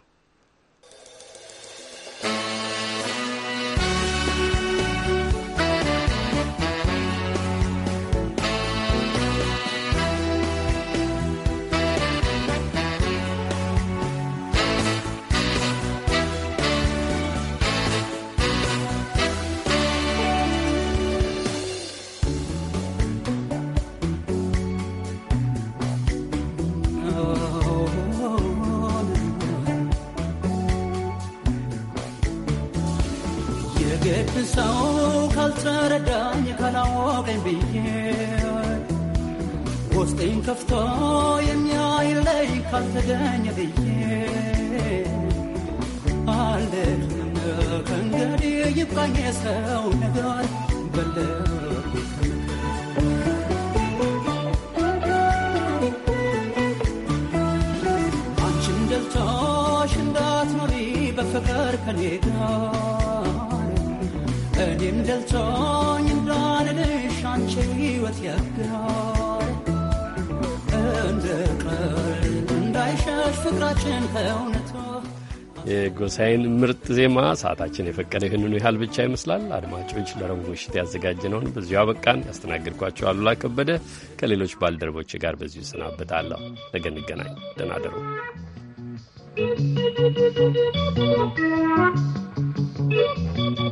የመሳይን ምርጥ ዜማ ሰዓታችን የፈቀደ ይህንኑ ያህል ብቻ ይመስላል። አድማጮች ለረቡዕ ምሽት ያዘጋጀነውን በዚሁ አበቃን። ያስተናግድኳቸው አሉላ ከበደ ከሌሎች ባልደረቦች ጋር በዚሁ ይሰናበታለሁ። ነገ እንገናኝ። ደህና you.